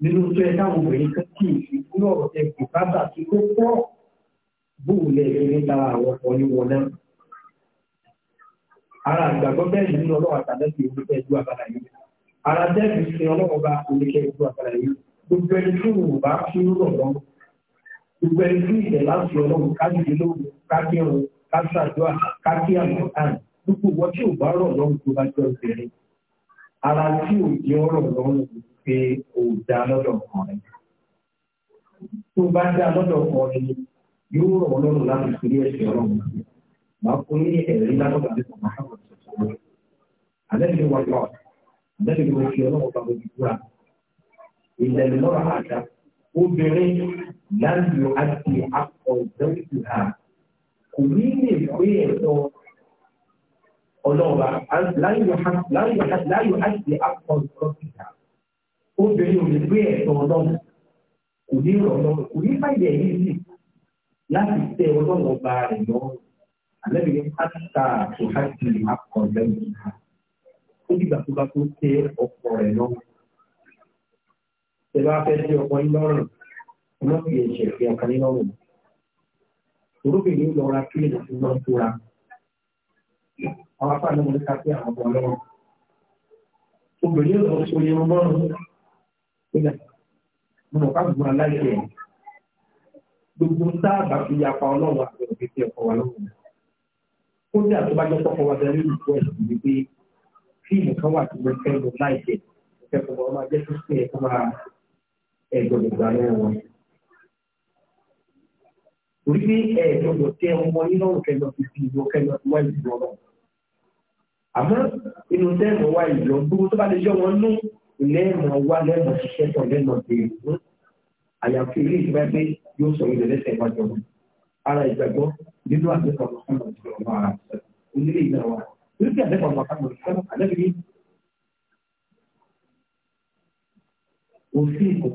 S1: nínú tó ẹ káwọn obìnrin kan kì í fi kúrò ẹ kò bá bà tí ó pọ̀ bóòlẹ̀ ìrìn lára àwọn ọkọ̀ ní wọn náà. Ara àgbàgbọ́ bẹ́ẹ̀ nínú ọlọ́wà tàbí olùkẹ́ ìlú àbára yìí. Ara dẹ́bi ṣe ọlọ́wọ́ bá olùkẹ́ ìlú àbára yìí. Gbogbo ẹni tí wò bá fi ń rọ̀ lọ́wọ́. Gbogbo ẹni tí ìtẹ̀ láti ọlọ́run kájúdé lóògùn kákẹ́rùn kásàdúà kákẹ́ àmọ̀tán. Gbogbo wọ́n tí ò bá rọ̀ lọ́wọ́ tó bá jọ ìbẹ̀rẹ̀. Ara tí ò pé o dá lọ́dọ̀ ọkùnrin. Tó o bá dá lọ́dọ̀ ọkùnrin yóò rọ̀ wọ́n lọ́rùn láti torí ẹ̀sìn ọlọ́run. Màá fún ní ẹ̀rí látọ̀dọ̀ àti ọ̀nà àwọn ọ̀sọ̀tọ̀ rẹ̀. Àlẹ́ mi wà lọ́ọ̀. Àlẹ́ mi wọ́n fi ọlọ́run pa gbogbo ìgbà. Ilẹ̀ lọ́rọ̀ àdá. Obìnrin láti àti akọ̀ ìdánwò ha. Kò ní lè pé ẹ̀tọ́ ọlọ́ọ̀bà láyò àti akọ̀ ìdánwò obìnrin ò lè gbé ẹ̀tọ́ ọlọ́run kò ní rọ̀ lọ́rùn kò ní fàyè yìí sì láti tẹ ọlọ́run ọba rẹ̀ lọ́rùn àlẹ́bí ní pátá tó hàjì akọ̀ọ̀lẹ́ ìgbà ó dìgbà tó bá tó tẹ ọkọ rẹ̀ lọ́rùn. Ìjọba fẹ́ sí ọkọ yín lọ́rùn ọmọ fi ẹ̀ṣẹ̀ fi ọkàn yín lọ́rùn. Olóbìnrin lọ ra kí èdè fún wọn tóra. Àwọn afáàlú mọ̀ ká pé àwọn ọmọ ọlọ́run. Obìnrin lọ sọ yẹn lọ́rùn. Nígbà mo mọ̀ káàbù máa láyé ẹ̀. Gbogbo tá a bá fi yapa ọlọ́run àti òfin ti ẹ̀kọ́ wa lọ́wọ́. Kódà tó bá jẹ́ pọ́kọ́ wa bẹ̀rẹ̀ lórí ìkú ẹ̀sìn ni pé fíìmù kan wà tí mo fẹ́ lọ láìpẹ́. Ìfẹ́kọ̀ọ́ wọn máa jẹ́ sísè ẹ̀kọ́ máa ẹ̀gbọ̀n ìgbà lọ́wọ́ wọn torí pé ẹ̀ẹ́dọ̀dọ̀ tẹ ọmọ nínú kẹlọ ti fi ìlú kẹlọ ti wá ìlú ọ̀rọ̀ àmọ́ inú tẹ́ẹ̀mù wá ìlú gbogbo lẹ́ẹ̀mọ̀ wá lẹ́ẹ̀mọ̀ ṣiṣẹ́ tán lẹ́ẹ̀mọ̀ béèrè fún àyàfi ilé ìjọba pé yóò sọ ilẹ̀ lẹ́sẹ̀ ìwájú ọ̀hún. ara ìgbàgbọ́ nínú àgbẹ̀kọ̀ mọ̀kánmọ̀ ti ọ̀rọ̀ ara onílé ìgbà wa nítorí àgbẹ̀kọ̀ mọ̀kánmọ̀ ti ọ̀rọ̀ àlẹ́bí ní. òfin ìkọ̀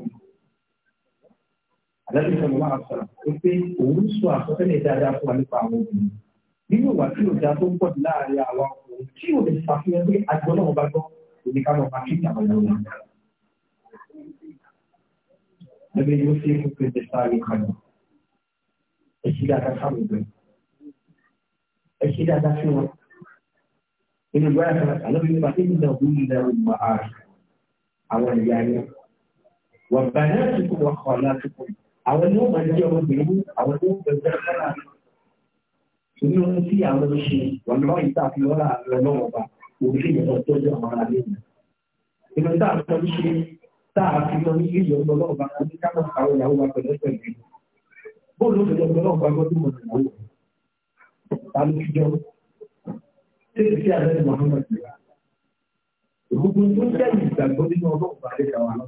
S1: àlẹ́bí sọ̀rọ̀ wá sọ̀rọ̀ pé òun sọ àsọtẹ́lẹ̀ dáadáa fún wa nípa àwọn obìnrin nínú ìwà tí òjá tó ń pọ̀ láàárín àwọn ọkùnrin tí ò lè oníkálọ̀ pàkíkì àwọn ìyàwó wọn. Lẹ́gbẹ́ yóò ṣe fún pé ẹ̀sà àríkàlù. Ẹ ṣe dáadáa sáwọn ìgbẹ́. Ẹ ṣe dáadáa sí wọn. Inú ìgbà yàtọ̀ àlọ́bí nípa tí nígbà òun ilẹ̀ òmùmá ààrẹ àwọn ìyá yẹn. Wọ́n bá náà tukù wọ́n kọ̀ látukù. Àwọn ni wọ́n máa jẹ́ ọmọbìnrin, àwọn ni wọ́n bẹ̀rẹ̀ fẹ́ràn. Inú ohun tí àwọn ṣe, òun lè tọ́jú àwọn ará ilé rẹ̀. Ìmọ̀ tá sọ ní ṣe fi lọ ní ilé ọgbọ́n náà bá ní káwọn àwọn ìyàwó wa pẹ̀lú ẹ̀sẹ̀ ìlú. Bóòlù ó fẹ̀lẹ̀ náà bá gbọ́dọ̀ mọ̀ ní ìyàwó. Ta ló fi jọ? Ṣé ìṣe àlẹ́ ni Muhammad ti wá? Gbogbo tó jẹ́ ìgbàgbọ́ nínú ọlọ́run bá lè kàwá lọ.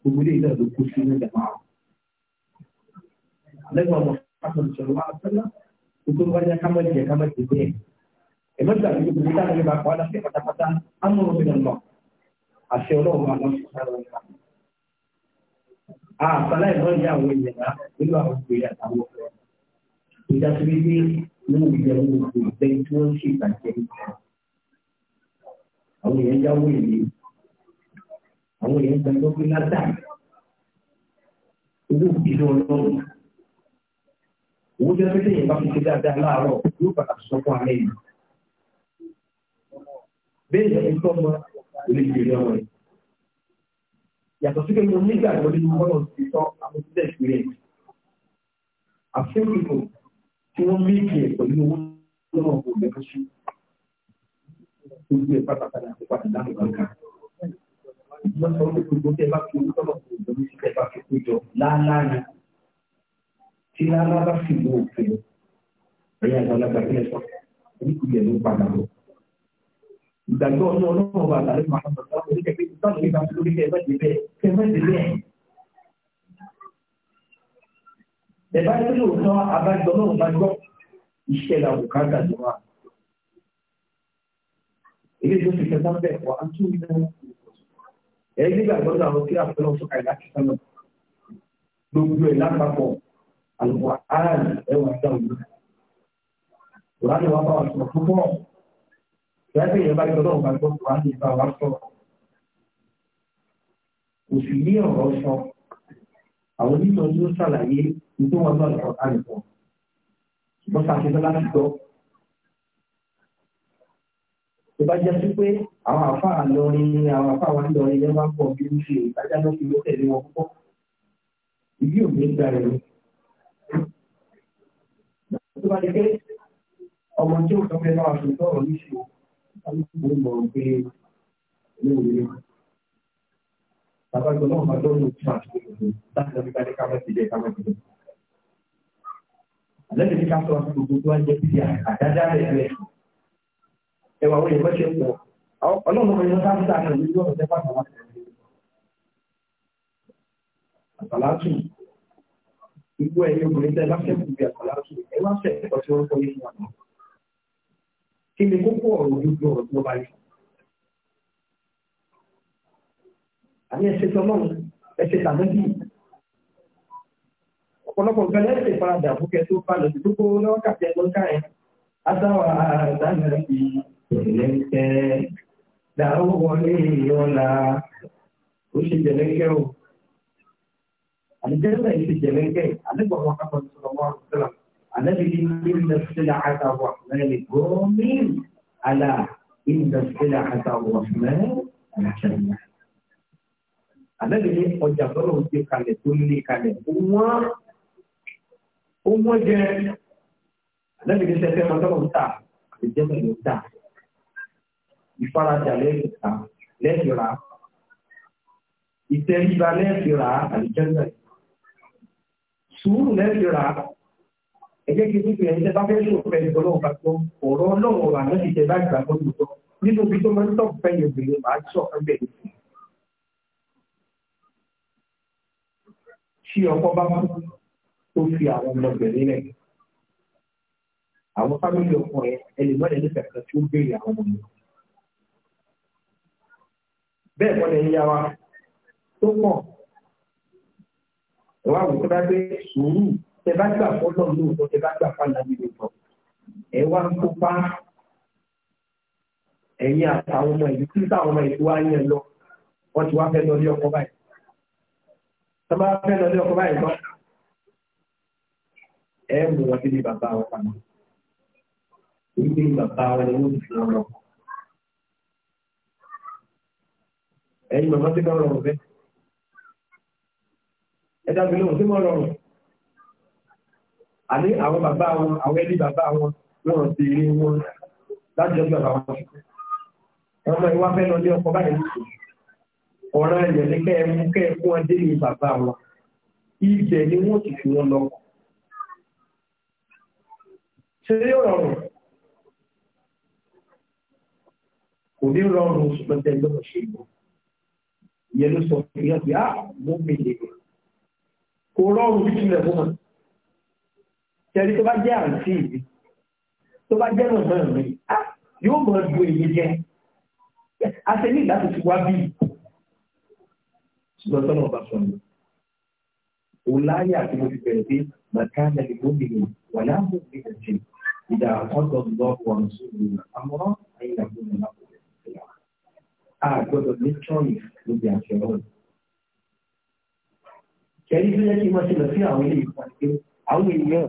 S1: Gbogbo ilé ló kú sí nígbà máa. Àlẹ́ mọ̀ ẹ̀mọ́tà ní gbogbo nígbà tó bá padà sí pátápátá ámúrò mi lọ́nà àṣẹ ọlọ́run máa lọ́sùn sáré wọn. àbálá ìmọ̀ ní àwọn ìyàrá nínú àwọn òkè àtàwọn ọ̀rẹ́ ìdásí wípé nínú ìjẹun òkè ìgbẹ́ tí wọ́n ń ṣe ìbàjẹ́ àwọn èèyàn jáwó ìlú àwọn èèyàn gbàgbọ́ pé látàrí owó ìlú ọlọ́run owó jẹ́ pé téèyàn bá fi ṣe dáadáa láàárọ̀ yóò padà sọ fún alẹ́ yìí bẹ́ẹ̀ yẹn tó mọ oníkiri ọmọ yìí. Yàtọ̀ sí pé mo nígbà tó nínú mọ́nà ti tọ́ àmọ́sílẹ̀ experience. Àfẹ́kùnkù tí wọ́n méjì ẹ̀ pẹ̀lú owó lọ́wọ́ kò lè kọ́ sí. Gbogbo ẹ̀ pátápátá àti pàtàkì láti bàkà. Wọ́n sọ pé gbogbo tẹ́ bá fi owó tọ́lọ̀ kò lórí sí tẹ́ bá fi kó jọ láàláàyè. Tí láàlá bá fi wo òfin, ẹ̀yà ìgbàlagbà bí ẹ sọ, oníkùlẹ̀ ló padà lọ ìgbàgbọ́ ọ̀nà ọlọ́run wà láàrin àwọn àwọn ọ̀sán orí kẹfẹ́ ìtọ́jú ìgbà tó lórí kẹfẹ́ ìdílé kẹfẹ́ ìdílé ẹ̀. Bẹ̀bá tí yóò tán abájọ náà máa gbọ́ iṣẹ́ la kò ká gàdú wa. Ilé ìjọ fi kẹta bẹ̀ wá á tún ilé wọn. Ẹ nígbà gbọ́dọ̀ àwọn tí àpẹẹrẹ ọ̀sán kàì láti sánà. Gbogbo ẹ̀ lápapọ̀ àlùkò Ìyáàbí èèyàn bá gbọ́dọ̀ ọ̀gá gbọ́ wá ní ìgbà wá sọ̀rọ̀. Kò ni ó ṣàlàyé ìgbó wọn náà lọ àlùkò. Wọ́n ṣàfihàn láti gbọ́. Tó bá jẹ́ sí pé àwọn àfáà lọrin ni àwọn àfáà wa ń lọrin yẹn máa ń pọ̀ bí ó ṣe ìtajà ló fi lókè ní wọn púpọ̀. Ìbí òbí ń gba ẹ̀rọ mo mọ̀ pé ilé ìwé rẹ̀. Bàbá ìgbọ́n náà máa lọ́rùn tí màá ṣe ìlú láti lọ nípa ní ká mẹ́sì jẹ́ ká mẹ́sì jẹ́. Àlẹ́bí ní ká sọ àti gbogbo tó wá jẹ́ sí àdájá rẹ̀ rẹ̀. Ẹwà àwọn èèyàn mẹ́sẹ̀ pọ̀. Ọlọ́run ọmọ ìyọ́n sáńtà náà ní yóò ṣẹ́ pàtàkì láti rẹ̀. Àtàlátù gbogbo ẹ̀yìn obìnrin tẹ́ bá fẹ́ àtàlátù ẹ wá fẹ́ ẹ̀kọ́ tí wọ́n kọ́ yé fún wa kí ni kókó ọ̀rọ̀ ojúgbò ọ̀rọ̀ tó bá yìí. àní ẹsẹ̀ tọ́lọ́ ẹsẹ̀ tàbí ọ̀pọ̀lọpọ̀ nǹkan lẹ́sẹ̀ ìfaradà fún kẹ́ tó falẹ̀ tó kó lọ́wọ́ kàtí ẹgbọ́n káyẹn adáwà àdáná fi ìrẹ̀lẹ́kẹ́ dàrú wọlé ìyọ́la ó ṣe jẹ̀lẹ́kẹ́ o àdìjẹ́lẹ̀ ìṣe jẹ̀lẹ́kẹ́ àdìgbọ̀n wọn kápọ̀ ní sọ̀rọ̀ wọn àrùn sílẹ̀ Ànábì ní ìlú sílẹ̀ àtàwọ̀ mẹ́rin gómìn àlà ìlú sílẹ̀ àtàwọ̀ mẹ́rin àjẹmọ́. Ànábì ní ọjà tọ́lọ̀ ń gbé kalẹ̀ tó lé kalẹ̀ wọ́n ó wọ́n jẹ́ Ànábì ní sẹ́sẹ́ máa tọ́lọ̀ ń tà àbíjẹ́ mẹ́rin tà. Ìfaradà lẹ́yìn tà lẹ́yìn rà ìtẹríba lẹ́yìn rà àbíjẹ́ mẹ́rin. Sùúrù lẹ́yìn rà ẹjẹ́ kí ní ìrìn ìjẹta fẹ́ ṣòro fẹ́ ìgbọ́lọ́ gbàgbọ́ ọ̀rọ̀ ọlọ́run ọ̀rọ̀ àná ìjẹ bá ìgbàgbọ́ lùtọ́ nínú ibi tó máa ń tọ́pù fẹ́ obìnrin máa ń sọ ẹgbẹ́ yìí. tí ọkọ bá kú tó fi àwọn ọmọbìnrin rẹ̀ àwọn fámìlì ọkọ rẹ̀ ẹlẹ́mọ́lẹ̀ ní kẹ̀kẹ́ tí ó béèrè àwọn ọmọ rẹ̀. bẹ́ẹ̀ kọ́ lẹ́yìn yá wa tó pọ̀ ìwà àwùjọ tẹ gbà fọlọ́ lóòótọ́ tẹ gbà fàlà ní lóòótọ́ ẹ wá ń kópa ẹ̀yin àtàwọn ọmọ ìlú tí táwọn ọmọ ìlú wá lọ wọ́n ti wá fẹ́ lọ ní ọkọ báyìí tọ́ bá fẹ́ lọ ní ọkọ báyìí lọ ẹ mú wọn síbi bàbá wọn pamọ́ wípé bàbá wọn ni wọ́n ti fi wọn lọ. ẹ̀yin màmá ti kọ́ rọrùn bẹ́ẹ̀ ẹ dábìlì òun tí wọ́n rọrùn àní àwọn bàbá wọn àwọn ẹbí bàbá wọn wọn ti rí wọn láti ọjọ́ bàbá wọn ọmọ ìwà fẹ́ lọ lé ọkọ báyìí ọ̀ràn ẹ̀yẹ̀ ní kẹ́ ẹ mú kẹ́ ẹ fún adé ní bàbá wọn ibẹ̀ ni wọ́n ti fi wọn lọ. ṣé yóò rọrùn kò ní rọrùn ṣùgbọ́n tẹ́ lọ́wọ́ ṣe ìbò ìyẹn ló sọ fún yàn pé ah mo mi lè kó rọrùn bí tilẹ̀ fún wọn tẹ̀lé tó bá jẹ́ àǹtí mi tó bá jẹ́ ọ̀nà mi yóò mọ̀ ọ́ du èyí jẹ́ àṣẹ ní ìlà tuntun wá bí ṣùgbọ́n tọ́lọ̀ ọba sọ ni òláyà tí mo fi bẹ̀rẹ̀ pé màkà lẹ́yìn gómìnà wà láàbò ní ẹ̀jẹ̀ ìdá àkọ́tọ̀ lọ́wọ́ ọ̀run sí mi àmọ́ràn ayé àgbọ̀nà lápò ìlà àgbọ̀dọ̀ ní choice lóbi àṣẹ ọ̀run. kẹ́rí tó yẹ kí wọ́n ṣe lọ sí àwọn ilé ìpàdé àwọn ènìyàn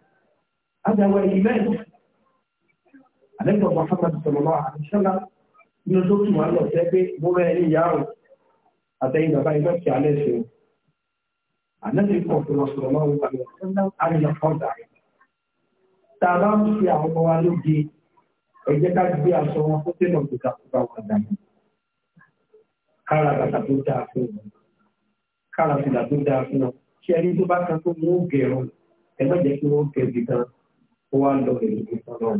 S1: هذا هو الإيمان عليك محمد صلى الله عليه وسلم من زوج مهلا سيبي مغيري يارو أتين بابا يمسك عليه شيء النبي صلى الله عليه وسلم أن يحفظ عليه tààrà ń fi àwọn ọmọ wa lóge ẹ jẹ́ ká gbé aṣọ wọn fún tẹnà kúta wọn dání kára bàtà tó dáa fún wọn kára fìlà tó dáa fún wọn ṣe ẹni tó bá kan tó mú gẹrun ẹ má jẹ́ kí wọn gẹ bí gan ó wá lọ pẹ̀lú ìfọ̀rọ̀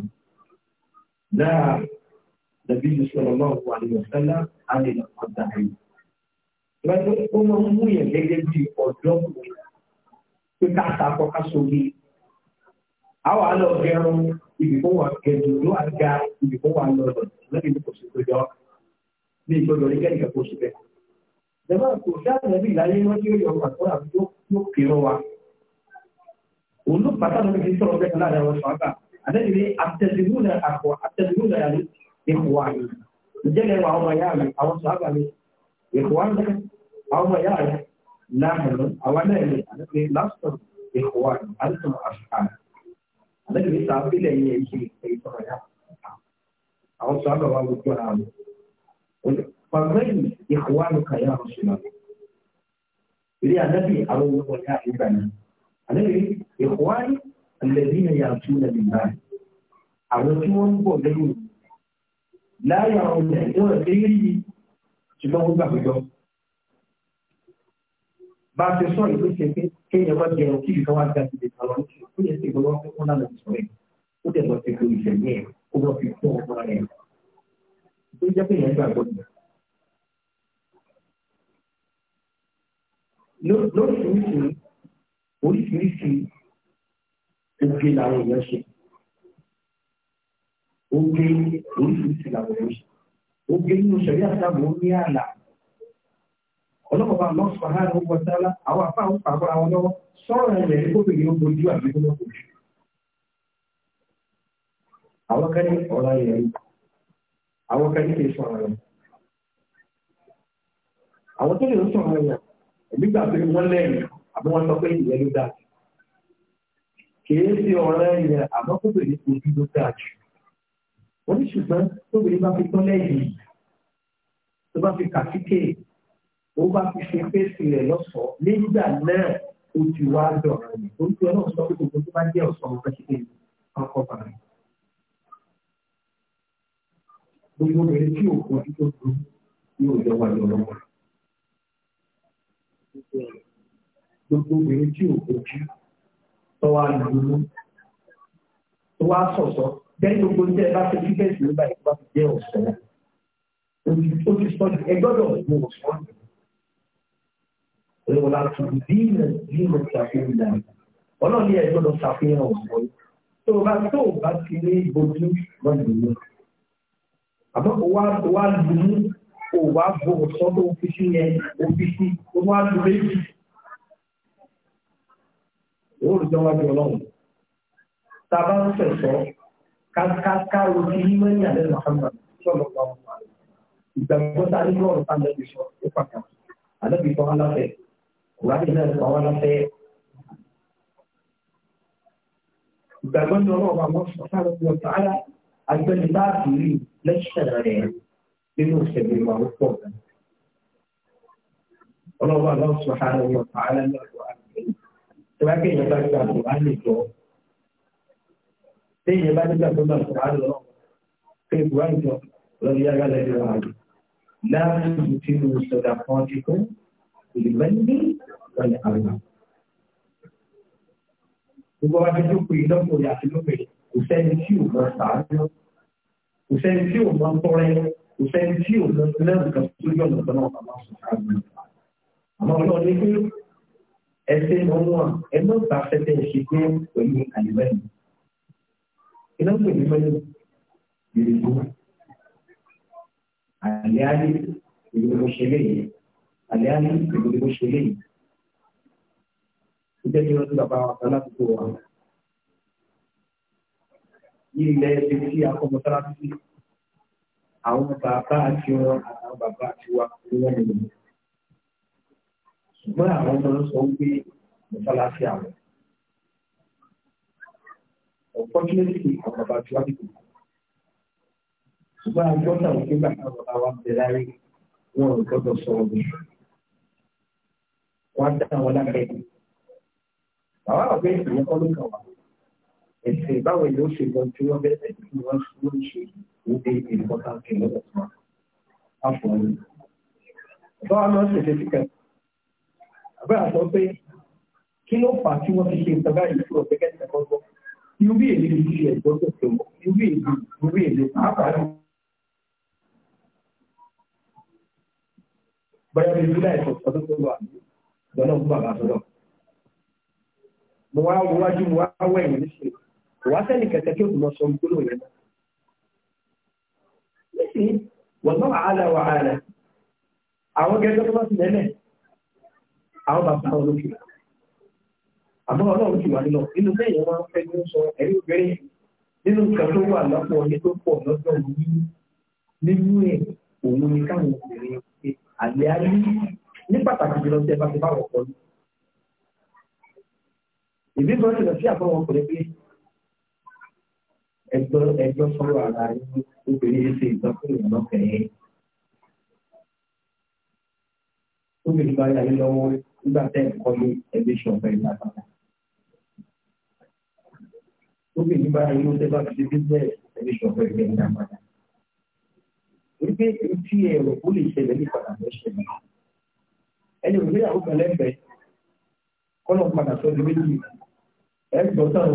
S1: dáa dàbí ìṣòro wà ní ọ̀sẹ́lá àlè ọ̀dà yìí. Ìgbàgbọ́ ó máa ń mú yẹn gẹ́gẹ́ bí ọ̀dọ́ pé ká takọ ká sóbi. Àwọn àlọ́ gẹrun ibi kó wà gẹ̀dùn ló wà ga ibi kó wà lọ́dọ̀ lẹ́yìn kò sí péjọ ní ìgbọ́dọ̀ ní kẹ́kẹ́ kó sí bẹ́ẹ̀. Ìjọba kò sí àtẹ̀lẹ́bí ìlàyé wọn tí ó yọ ọ̀pọ̀ àti tó kéré wa òun ló pàtà lórí fi sọ̀rọ̀ bẹ́ẹ̀ láàrin àwọn sọ̀rọ̀ àdéhùn ní àtẹ̀síwúlẹ̀ àpò àtẹ̀síwúlẹ̀ àlè ìkùwà mi ìjẹ́lẹ̀ wa àwọn ọmọ yára mi àwọn sọ̀rọ̀ mi ìkùwà mi àwọn ọmọ yára mi láàrin àwọn náà mi àdéhùn ní lásán ìkùwà mi àdéhùn àṣùkà àdéhùn ní sàbílẹ̀ yẹn èyí èyí sọ̀rọ̀ yá àwọn sọ̀rọ̀ wa wò jọra mi fàgbẹ́yìn ìkùwà mi kà àníbi ìkọ̀wárí ẹ̀lẹ́dínà yà tún lẹ́bi báyìí àwọn tí wọ́n ń bọ̀ lẹ́yìn láyà ọ̀nà ìwọ̀n lérí ṣùgbọ́n wọ́n gbàgbọ́ bá a ti sọ ìlú ṣe pé kéèyàn bá jẹun kí ìfẹ́ wá ga síbi kan lọ́wọ́ ó yẹ sí ìgbọ́n wọn fún wọn lálẹ́ sọ rẹ̀ ó dẹ̀ lọ sí ìlú ìṣẹ̀lẹ̀ ẹ̀ ó lọ fi fún ọmọ rẹ̀ tó jẹ́ pé èèyàn gbàgbọ́ ni. lóṣìṣẹ́ oríṣiríṣi oge làwọn èèyàn ṣe oge oríṣiríṣi làwọn èèyàn ṣe oge nínú sẹ̀rí àtàwọn ó ní àlà ọlọ́pàá lọ́sọ̀ ha ló wọ sálá àwọn afá ń pàgọ́ àwọn lọ́wọ́ sọ̀rọ̀ ẹ̀rẹ̀ ní kóbìnrin ó bojú àbí kó lọ́kọ̀ jù àwọn kan ní ọ̀rọ̀ ẹ̀rẹ̀ yìí àwọn kan ní kì í sọ̀rọ̀ ẹ̀rẹ̀ àwọn tó lè sọ̀rọ̀ ẹ̀rẹ̀ nígbà pé wọ́n lẹ́yìn àmọ́ wọ́n sọ pé ìyẹn ló dáa jù kìí ṣe ọ̀rẹ́ yẹn àmọ́ kóbìnrin ojú ló dáa jù wọ́n ní ṣùgbọ́n tóbìnrin bá fi tán lẹ́yìn tó bá fi kàtíkè ó bá fi ṣe fèsì rẹ̀ lọ́sọ̀ọ́ nígbà náà ó ti wá dọ̀rọ̀ rẹ̀ orúkọ náà sọ pé gbogbo tó bá jẹ́ ọ̀sán ọ̀gá ṣe kéde ọkọ̀ bàrẹ̀. gbogbo obìnrin tí òkú ojú tó dùn yóò yọ wáyé ọlọ́wọ́ gbogbo obìnrin tí ò kojú tó wá lulú tó wá sọ̀sọ̀ bẹ́ẹ̀ gbogbo ní ẹ bá ṣe fi bẹ́ẹ̀ sí nígbà tó bá ti jẹ́ ọ̀sẹ̀ ó ti sọ ẹ gbọ́dọ̀ mú ọ̀sán ẹ̀rọ láti dínà dínà ṣàfihàn dà ọlọ́run ní ẹ gbọ́dọ̀ ṣàfihàn ọ̀sán tó o bá tó o bá ti rí bojú lọ́dún ní àmọ́ o wá o wá lulú o wá bo ọ̀sán tó o fi sí yẹn o fi sí o wá lu méjì owó olùjọ́ wájú ọlọ́run tá a bá ń sẹ̀sọ́ káàkó ti yí mẹ́rin àlẹ́ Muhammad sọ̀rọ̀ pa wọn ìgbàgbọ́ tá a ní lọ́rùn tá a lẹ́bi sọ ó pàtàkì àlẹ́bi kọ́ wá láfẹ́ ìwádìí náà kọ́ wá láfẹ́ ìgbàgbọ́ tẹ́lá kí èèyàn bá ti gbà kùrán lè jọ tí èèyàn bá ti gbà tó gbà kùrán lọ pé kùrán jọ lọ sí yára lẹ́yìn rà rẹ̀ láàrin ìlú tí mo sọ̀dà kan ti kún ìlúmẹ́ ní ìpínlẹ̀ àríwá. gbogbo wa ti dúpọ̀ ìlọ́kùnrin àti lóbìnrin kò sẹ́ni tí ò mọ sàánú kò sẹ́ni tí ò mọ tọrẹ kò sẹ́ni tí ò mọ lẹ́rù kan tó yọ̀nà tọ́nà àmọ́ ẹsẹ̀ ọwọ́ ẹgbẹ́ ọ̀pá afẹ́fẹ́ ṣe pé pẹ̀lú àlùbẹ́ẹ̀lì. iná pè ní pẹ̀lú ìrìbó àlẹ́álí ìrìbó ṣe léyìí àlẹ́álí ìrìbó ṣe léyìí. ìjẹ́ kí wọ́n ti bàbá wa kan ládùúgbò wa. ilẹ̀ ẹsẹ̀ tí a kọ́ mọ́tàlá sí àwọn bàbá àti wọn àtàwọn bàbá àti wa ni wọ́n nílò ṣùgbọ́n àwọn ọmọ sọ pé mọ́sálásí àwọn. unfortunately àwọn bàbá tí wàá dìbò. ṣùgbọ́n àjọ náà wọ́n gbà káwọn bàbá wa bẹ̀rẹ̀ láyé wọn ò gbọ́dọ̀ sọ ọ́ bẹ́ẹ̀. wọ́n á dá wọn lábẹ́. bàbá àgbẹ̀ ìyẹn kọ́ ló kàn wá. ẹ̀sìn báwo ni ó ṣe gan tí wọ́n bẹ̀rẹ̀ tí wọ́n ń ṣe ní dé ìfọ́tà kìlọ́ọ̀tì wọn. a fọ̀ ọ́ ní. ọ̀tọ́ àná ṣèṣe àbẹ́rẹ́ àsọ pé kí ló fà tí wọ́n fi ṣe ìtọ́gá yìí fún ọ̀pẹ́ kẹta kọ́kọ́ irú èlé ti ṣe ẹ̀gbọ́n tó tó mọ̀ irú èlé irú èlé pàápàá bọ́yá bí júlá ẹ̀sọ̀ ọdún tó wà lọ́nà fún bàbá tó lọ. mo wá wájú mo wá wẹ̀yìn níṣẹ́ kò wá sẹ́ni kẹ̀kẹ́ kí o tún lọ sọ gbólóhùn yẹn náà. nísìnyí wọ́n náà àádá wà àwọn gẹ́gẹ́ tó bá ti lẹ́lẹ̀ àwọn bàbá wọn ló fi wà àmọ́ ọlọ́run ti wà nílọ nínú bẹ́ẹ̀ yẹn wọ́n fẹ́ ní sọ ẹ̀rí obìnrin nínú nǹkan tó wà lọ́pọ̀ ní tó pọ̀ lọ́dọ̀ yìí nínú ẹ̀ òun ni káwọn obìnrin àlẹ́ ayé ní pàtàkì jùlọ tí ẹ bá ti bá wọ̀ pọ̀lú. ìbí kan ti lọ sí àbọ̀ wọn kò lè pé ẹgbẹ́ ẹgbẹ́ sọ̀rọ̀ ara obìnrin yìí ṣe ìtọ́kùnrin lọ́kẹ̀ẹ́ obìnrin bá yà ní lọ́wọ́ rẹ̀ nígbà tẹ́ ẹ̀ kọ́lé ẹgbẹ́ ṣọ̀fẹ́ ìlànà. Lókè nígbà tí ó tẹ́lá fi ṣe bẹ́ẹ̀ ẹgbẹ́ ṣọ̀fẹ́ ìgbẹ́ ìlànà. Wípé etí ẹ̀rọ ó lè ṣẹlẹ̀ ní padà lọ ṣẹlẹ̀. Ẹni òun níyàwó kan lẹ́fẹ̀ẹ́ kọ́nà padà sọ di méjì. Ẹ gbọ́ tán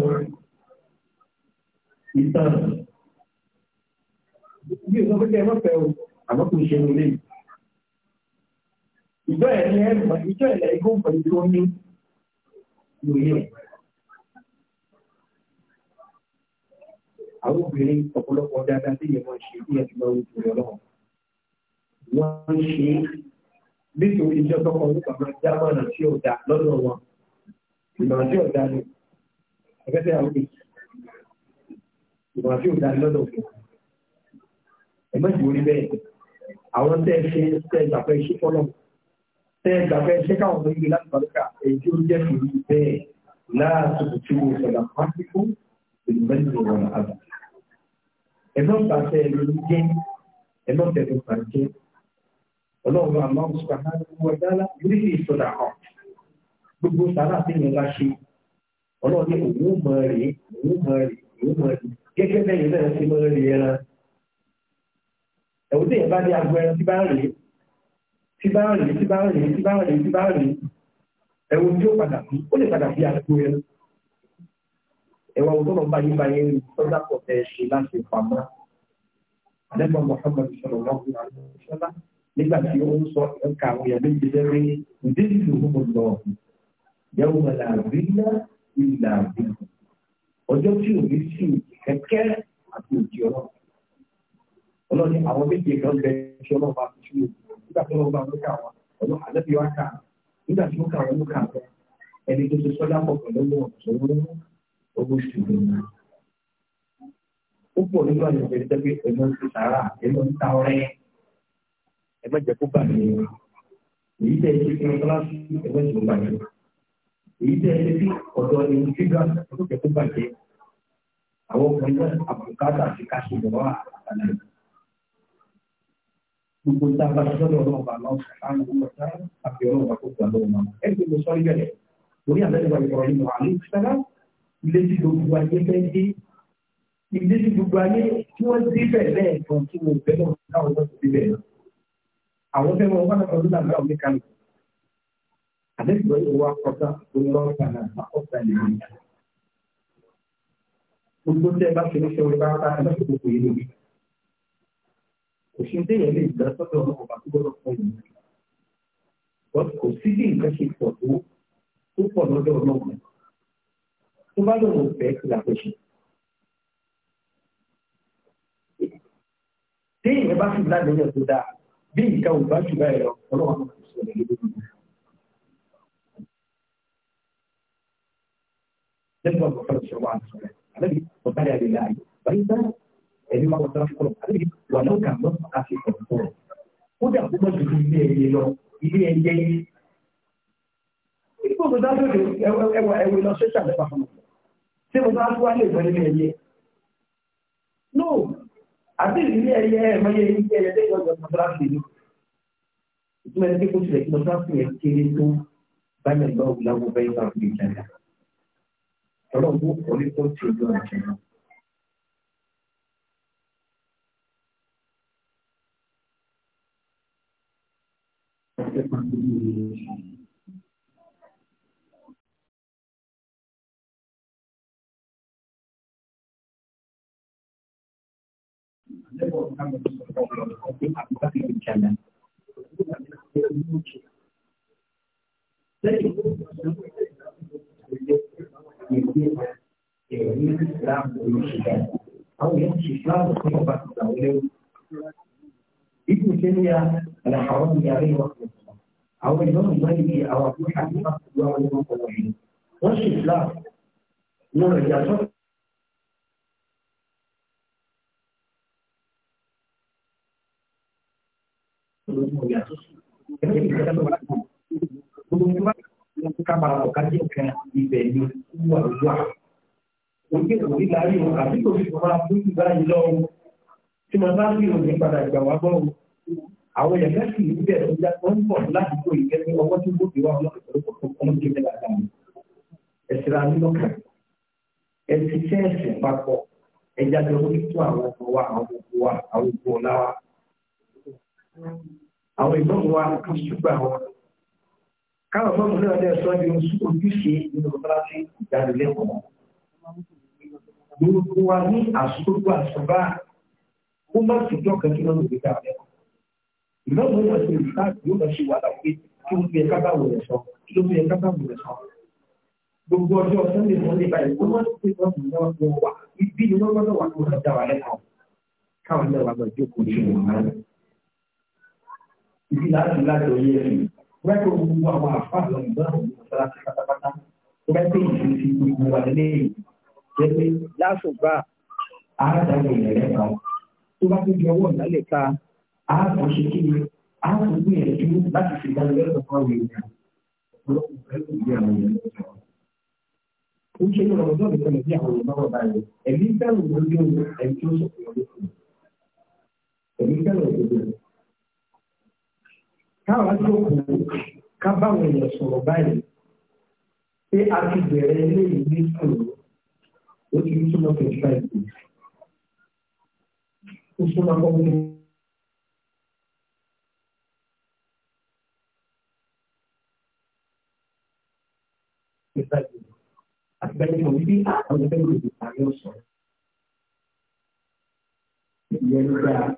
S1: ìtàn. Bí o sọ pé kí ẹ má fẹ́ o, àmọ́ kò ṣe nílé ìjọ ẹ̀ ní ẹ̀rù mọ̀ ìjọ ìlẹ̀ igbó mọ̀ ní tó ní lóye ẹ̀. àwọn obìnrin ọ̀pọ̀lọpọ̀ dáadáa tí yẹn máa ṣe bí ẹ̀ máa ń jù lọ. wọ́n ń ṣe nítorí iṣẹ́ tọkọ nípa máa já mọ́nà tí ò dá lọ́dọ̀ wọn ìmọ̀ tí ò dá ni ẹgbẹ́sẹ̀ àwọn ìmọ̀ tí ò dá ni lọ́dọ̀ wọn. ẹ̀mọ́ ìgbòrí bẹ́ẹ̀ àwọn tẹ́ ṣe tẹ́ ẹ gbàgbẹ́ tẹ́ gbàgbẹ́ ṣé káwọn ọmọ yìí láti pàdé ká èyí tí ó jẹ́ kì í bẹ́ẹ̀ láàtúntò tí mo sọ̀rọ̀ pàtíkù ìgbẹ́ni ìwọ̀n àgbà. ẹ̀dọ́ gbàgbẹ́ ẹ̀rọ jẹ́ ẹ̀dọ́ tẹ̀lé gbàgbẹ́ ọlọ́run àmọ́ ṣùgbọ́n àwọn ọ̀dàlá lórí ìṣọ̀dà hàn gbogbo sàrà tí yẹn bá ṣe ọlọ́run ní òun mọ̀ rèé òun mọ̀ rèé òun mọ̀ rèé gẹ́gẹ́ bẹ́ẹ̀ yẹn náà ti mọ̀ rèé ẹran ẹ̀wọ̀n tí yẹn bá dé agbo ẹran tí bá rèé tí bá rìn tí bá rìn tí bá rìn tí bá rìn ẹ̀wọ̀n tí ó padà bí ó lè padà bí àgbo ẹ̀ ẹ̀wọ̀n àwọn tó lọ bá yín bá yín rí sọ́dá pọ̀ ẹ̀ ṣe láti pamọ́ àdẹ́gbọ́n Muhammad sọ̀rọ̀ lọ́wọ́ àwọn ìṣọ́lá nígbà tí ó ń sọ ẹ̀ka àwọn èèyàn méjì lẹ́rí ìdí ìlú ọmọ lọ yẹ̀wò mọ̀lá àbílá ìlà àbílá ọjọ́ tí ò ní sí kẹ̀kẹ́ àti òjì ọlọ́run ọlọ́run àwọn méjì kan bẹ tí bá fi nígbà tó lọ́wọ́ bá ló kà wá ọ̀nà àlẹ́bí wa kà nígbà tí ó kà wọ́n ló kà wá ẹni tó ti sọ́dá pọ̀ pẹ̀lú wọn tó ń owó ṣùgbọ́n náà. ó pọ̀ nínú àyè ìbẹ̀rẹ̀ tẹ́gbẹ́ ẹ̀mọ́ ń ti sàárà ẹ̀mọ́ ń ta ọrẹ́ ẹ̀mọ́ jẹ́ kó bà mí èyí tẹ́ ẹ ti fi kíláàsì ẹ̀mọ́ ìṣòro bàjẹ́ èyí tẹ́ ẹ ti fi ọ̀dọ́ ni fígà ẹ̀mọ́ jẹ́ kó bàjẹ́ àwọn ọkùnrin náà gbogbo tá a bá ṣiṣẹ́ lọ́wọ́ náà bá lọ sàkánù gbogbo tá a fi ọlọ́wọ́ kó gbà lọ́wọ́ náà ẹ ti mo sọ rí bẹ̀rẹ̀ torí àtẹ́lẹ́wà ìfọ̀rọ̀ yìí wà ní sẹ́lá ilé tí gbogbo ayé fẹ́ dé ilé tí gbogbo ayé tí wọ́n dé bẹ̀ lẹ́ẹ̀kan tí mo bẹ́ lọ káwọn tó ti bẹ̀ lọ. àwọn fẹ́ mọ wọn kọ́ lóla náà níkan àtẹ́sìgbọ́ ìwà kọta olóòkà náà ọ̀sà lè rí gbogbo tẹ́ bá ṣe ní kò sí déyẹ̀ lè gbà sọ́dọ̀ ọ̀nà ọ̀bà tó gbọ́dọ̀ pọ̀ yìí but kò sí bí nǹkan ṣe pọ̀ tó tó pọ̀ lọ́dọ̀ ọlọ́ọ̀gbà tó bá lòun fẹ́ kí la fẹ́ ṣe. téèyàn bá fi lánàá tó dáa bí nǹkan ò bá jù báyìí lọ ọlọ́wọ́n kò sí ọ̀nà ìlú tó dáa. lẹ́gbọ̀n kò fẹ́ sọ wá àtúnṣe àlẹ́ bí ẹni máa wọta fún ọ àbí wà lọ kà lọ àti ọ̀pọ̀ kódà kó má dùdú ilé ẹyẹ lọ ilé ẹyẹ yìí. ìgbòho dájú ẹwà ẹwà lọ ṣẹṣà lẹ́fà fún mi ṣé mo máa wá lè gbọ́ ilé ẹyẹ. no àbí ilé ẹyẹ ẹ̀mọye ilé ẹyẹ lẹ́yìn ọjọ́ mọ́tàláṣí ni ìtumọ̀ ẹni pé kó tilẹ̀ kí mọ́tàláṣí yẹn kéré tó báyọ̀ lọ́wọ́ láwọ́ bẹ́ẹ̀ bá fi ìjàdá ọlọ́run ó kọ́ ní kó tí ojú ọ̀nà jẹ̀dá. النبي محمد صلى الله عليه وسلم عن بقي الكلام أو يمشي شعر صحبة الأولو ابن تيمية الحرام عليه رحمة الله أو الإمام الغيبي أو أبو حنيفة رحمه الله والشفلاء نرجع lójú ìyá tó sùn ẹgbẹ́ ìgbẹ́ tó wà lọ́wọ́ gbogbo nígbà wọn ká máa lọ kájí kan ibẹ̀ ni wúwà wúwà òkè òní láyé o àbí kò sì máa fún ìgbà yìí lọ́wọ́ tí mo bá rí òní padà ìgbà wá bọ́ o àwọn èèyàn mẹ́sì ń bẹ̀ tó já wọ́n ń bọ̀ láti kó ìgbẹ́ ní ọwọ́ àwọn ìmọ̀mù wa kan ṣùgbà wọn káwọn mọ́mù náà dẹ̀ sọ́ di ojúṣe nínú mọ́láṣí ìdánilẹ́kọ̀ọ́ gbogbo wa ní àsopọ̀ àsọ̀bá ó má sì jọ kan kí wọ́n lòdì ká lẹ́kọ̀ọ́ ìmọ̀mù náà ṣe ìfà yóò lọ ṣe wàhálà pé kí ó fi ẹ̀ka báwo rẹ̀ sọ kí ó fi ẹ̀ka báwo rẹ̀ sọ gbogbo ọjọ́ sunday sunday báyìí ó má sì jọ kan náà wọ wà ibi ni wọ́n gbọ́dọ̀ wà kó ibi láti láti oyé ẹ̀sìn wẹ́pẹ́ gbogbo àwọn àfáà lọ ìgbà òun mọ́sálásí pátápátá wẹ́pẹ́ ìṣe ti gbogbo wa lélẹ́yìn jẹ́ pé láṣùgbà
S2: àádọ́gbò ìrẹ̀lẹ̀ kan
S1: tó bá tó di ọwọ́ ìdálẹ̀ ka àádọ́ṣe kí ni àádọ́gbò ìrẹ̀jú láti fi ìdánilẹ́kọ̀ọ́ fún àwọn èèyàn ọ̀pọ̀lọpọ̀ fẹ́ kò ó ṣe ní ọ̀rọ̀dọ́ nìkan lè àwọn olùbáwọ̀ báyìí ẹ̀mí fẹ́ràn òdodo ẹ̀mí tó sọ̀rọ̀ lókun ẹ̀mí fẹ́ràn òdodo káwa jókòó ká báwọn èèyàn sọ̀rọ̀ báyìí pé a ti bẹ̀rẹ̀ eléyìí ní sọ̀rọ̀ ó ti ní súnmọ́ twenty five days ó súnmọ́ ọgbọ́n àtìgbẹ́ni kan wípé àwọn ẹgbẹ́ ìgbésẹ̀ àárín ọ̀sán ìyẹn ló dáa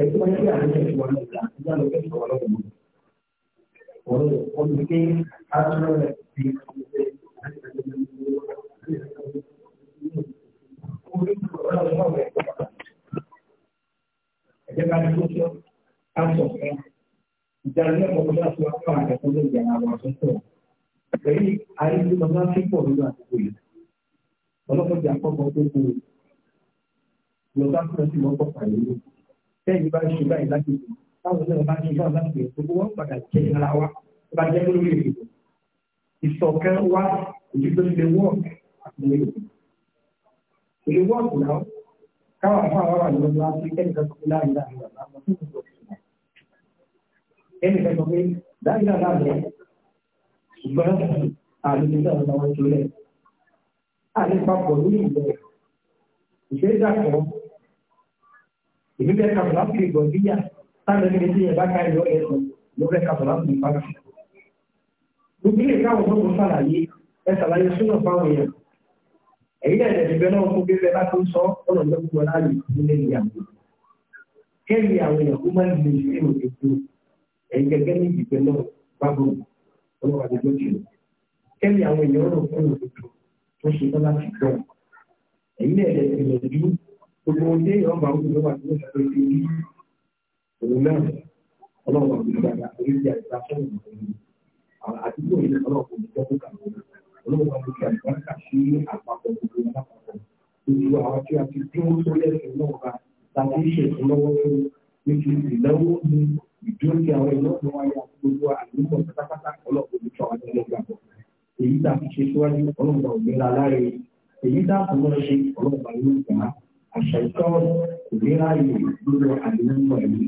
S1: ẹgbẹ́ wọn yẹ àwọn ẹ̀ṣọ́ wọn lọ́gbà nígbà ló fẹ́ sọ̀rọ̀ lọ́wọ́ wọn. Wọ́n lọ ó ní pé aṣọ rẹ̀ ti ẹ̀jẹ̀ ká ní sọ́sọ́ aṣọ kan ìdánilẹ́ ọ̀pọ̀ náà ti wá fún àwọn ẹ̀kọ́ ló yẹ àwọn àtúntò. Èyí ayélujára ló máa ń fi pọ̀ nínú àkókò yìí. Ọlọ́pàá ti àkọ́kọ́ tó kú. Yorùbá fún ẹ sí lọ́kọ̀ pàlẹ́ yìí sẹ́yìn bá ṣe báyìí láti ìlú táwọn ọ̀sẹ̀ bá ṣe báyìí láti ìlú gbogbo wọn padà jẹ́ ara wa tó bá jẹ́ lórí ìlú ìṣọ̀kan wa òjú tó lè wọ́ọ̀kì àtúnlẹ̀ ìlú. Èyí wọ́ọ̀kì náà káwọn afọ àwọn àwọn àlọ́ wa fi ẹnì kan sọ pé láàyè láàyè wà láàmú tó kù ẹnì kan sọ pé láàyè láàyè ṣùgbọ́n àlejò náà lọ́wọ́ tó lẹ̀. Àlepapọ̀ lórí ìlú ìṣẹ́jà kan èmi bẹ́ẹ̀ ka sọ̀rọ̀ àti ìgbọ̀n bíyà táwọn ẹni tí yẹn bá ká ìlú ẹ̀sùn ló fẹ́ ka sọ̀rọ̀ àti ìpàgà. gbogbo ilé káwọn tó kún sàlàyé ẹ sàlàyé súnà fáwọn èèyàn èyí náà ẹ̀dẹ̀ bẹ́ẹ̀ náà fún bíbẹ́ bá tó ń sọ ọ̀nà ìjọba gbogbo láàyè nílé ìyàwó kẹ́lì àwọn èèyàn kó má lè ṣe èrò ètò ẹ̀yìn gẹ́gẹ́ ní ìgbẹ́ náà gbàgbọ́ ọlọ́wà gbogbo jù lọ kẹ́lì àwọn èèyàn rò fún èrò ètò tó gbogbo ọdẹ ọba ọdún ló wà ní ìṣàkóso ìṣe ní òun náà ọlọ́run ọdún ló dàgbà orí ti àìsàn fún òun àti bí òun ọlọ́run ọdún tó kó kà lóun ọlọ́run ọdún ti àìsàn kà sí àpapọ̀ gbogbo alápapọ̀ gbogbo àwọn tí a ti dúró tó lẹ́sìn náà bá tàbí ìṣètò lọ́wọ́ fún ní ti ìnáwó ní ìdúró ti àwọn ìnáwó wáyé àti gbogbo àdúgbò pátápátá ọlọ́run ọdún tó wà nílẹ̀ gbàgbọ́ èyí tá a ti ṣe síwájú ọlọ́run ọdún láláre èyí tá a tún lọ́ ṣe ọlọ́run ọdún gbàgbọ́ àṣàìtọ́ ìlera yìí lórí àdínámọ̀ yìí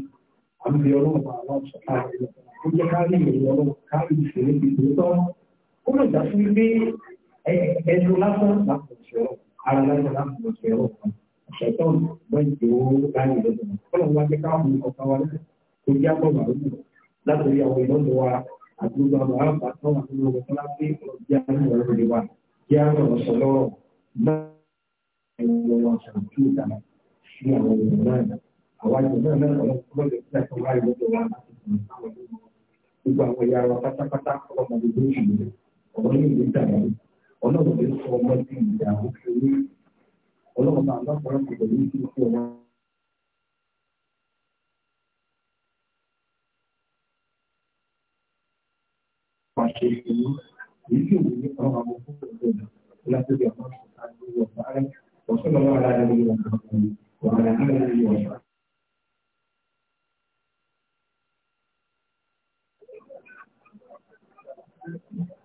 S1: àmì ọlọ́pàá àwọn ṣọ̀tà ó jẹ́ kárí ìrọ̀rọ̀ kárí ìṣẹ̀lẹ̀ ìgbésọ́ ó lè dá sí pé ẹnu lásán lápò ìṣẹ̀rọ̀ ara lásán lápò ìṣẹ̀rọ̀ àṣàìtọ́ wọ́n ti ó kárí ìrọ̀rọ̀ kọ́lọ̀ wá jẹ́ káwọn ọkọ̀ wa tó jẹ́ àpọ̀ màlúù látòrí àwọn ìlọ́dọ̀ wa àti gbogbo àwọn àbàtàn àti gbogbo ẹgbẹ́ wọn sọ̀rọ̀ kí ìgbà sí àwọn ènìyàn náà àwọn ènìyàn náà náà ọlọ́pàá lọ́jọ́ tí wọ́n yọ lọ́jọ́ wọn láti sọ̀rọ̀ sáwọn ènìyàn gbogbo àwọn ẹ̀yà wa pátápátá ọlọ́mọdé ló ń ṣe ọ̀rọ̀ ní ìlú ìdàgbà ọlọ́mọdé sọ ọmọ sí ìyá òkèèrè ọlọ́mọdé aláfọlọ́pọ̀ pẹ̀lú ìṣẹ́ ọmọ pàṣẹ ìṣèlú èyí tí òun ní ọmọ àwọn fún ọ̀gbẹ́ni láti ọjọ́ àwọn ọ̀sán àti ọjọ́ àárẹ̀ وصلى الله على نبينا محمد وعلى آله وصحبه Thank you.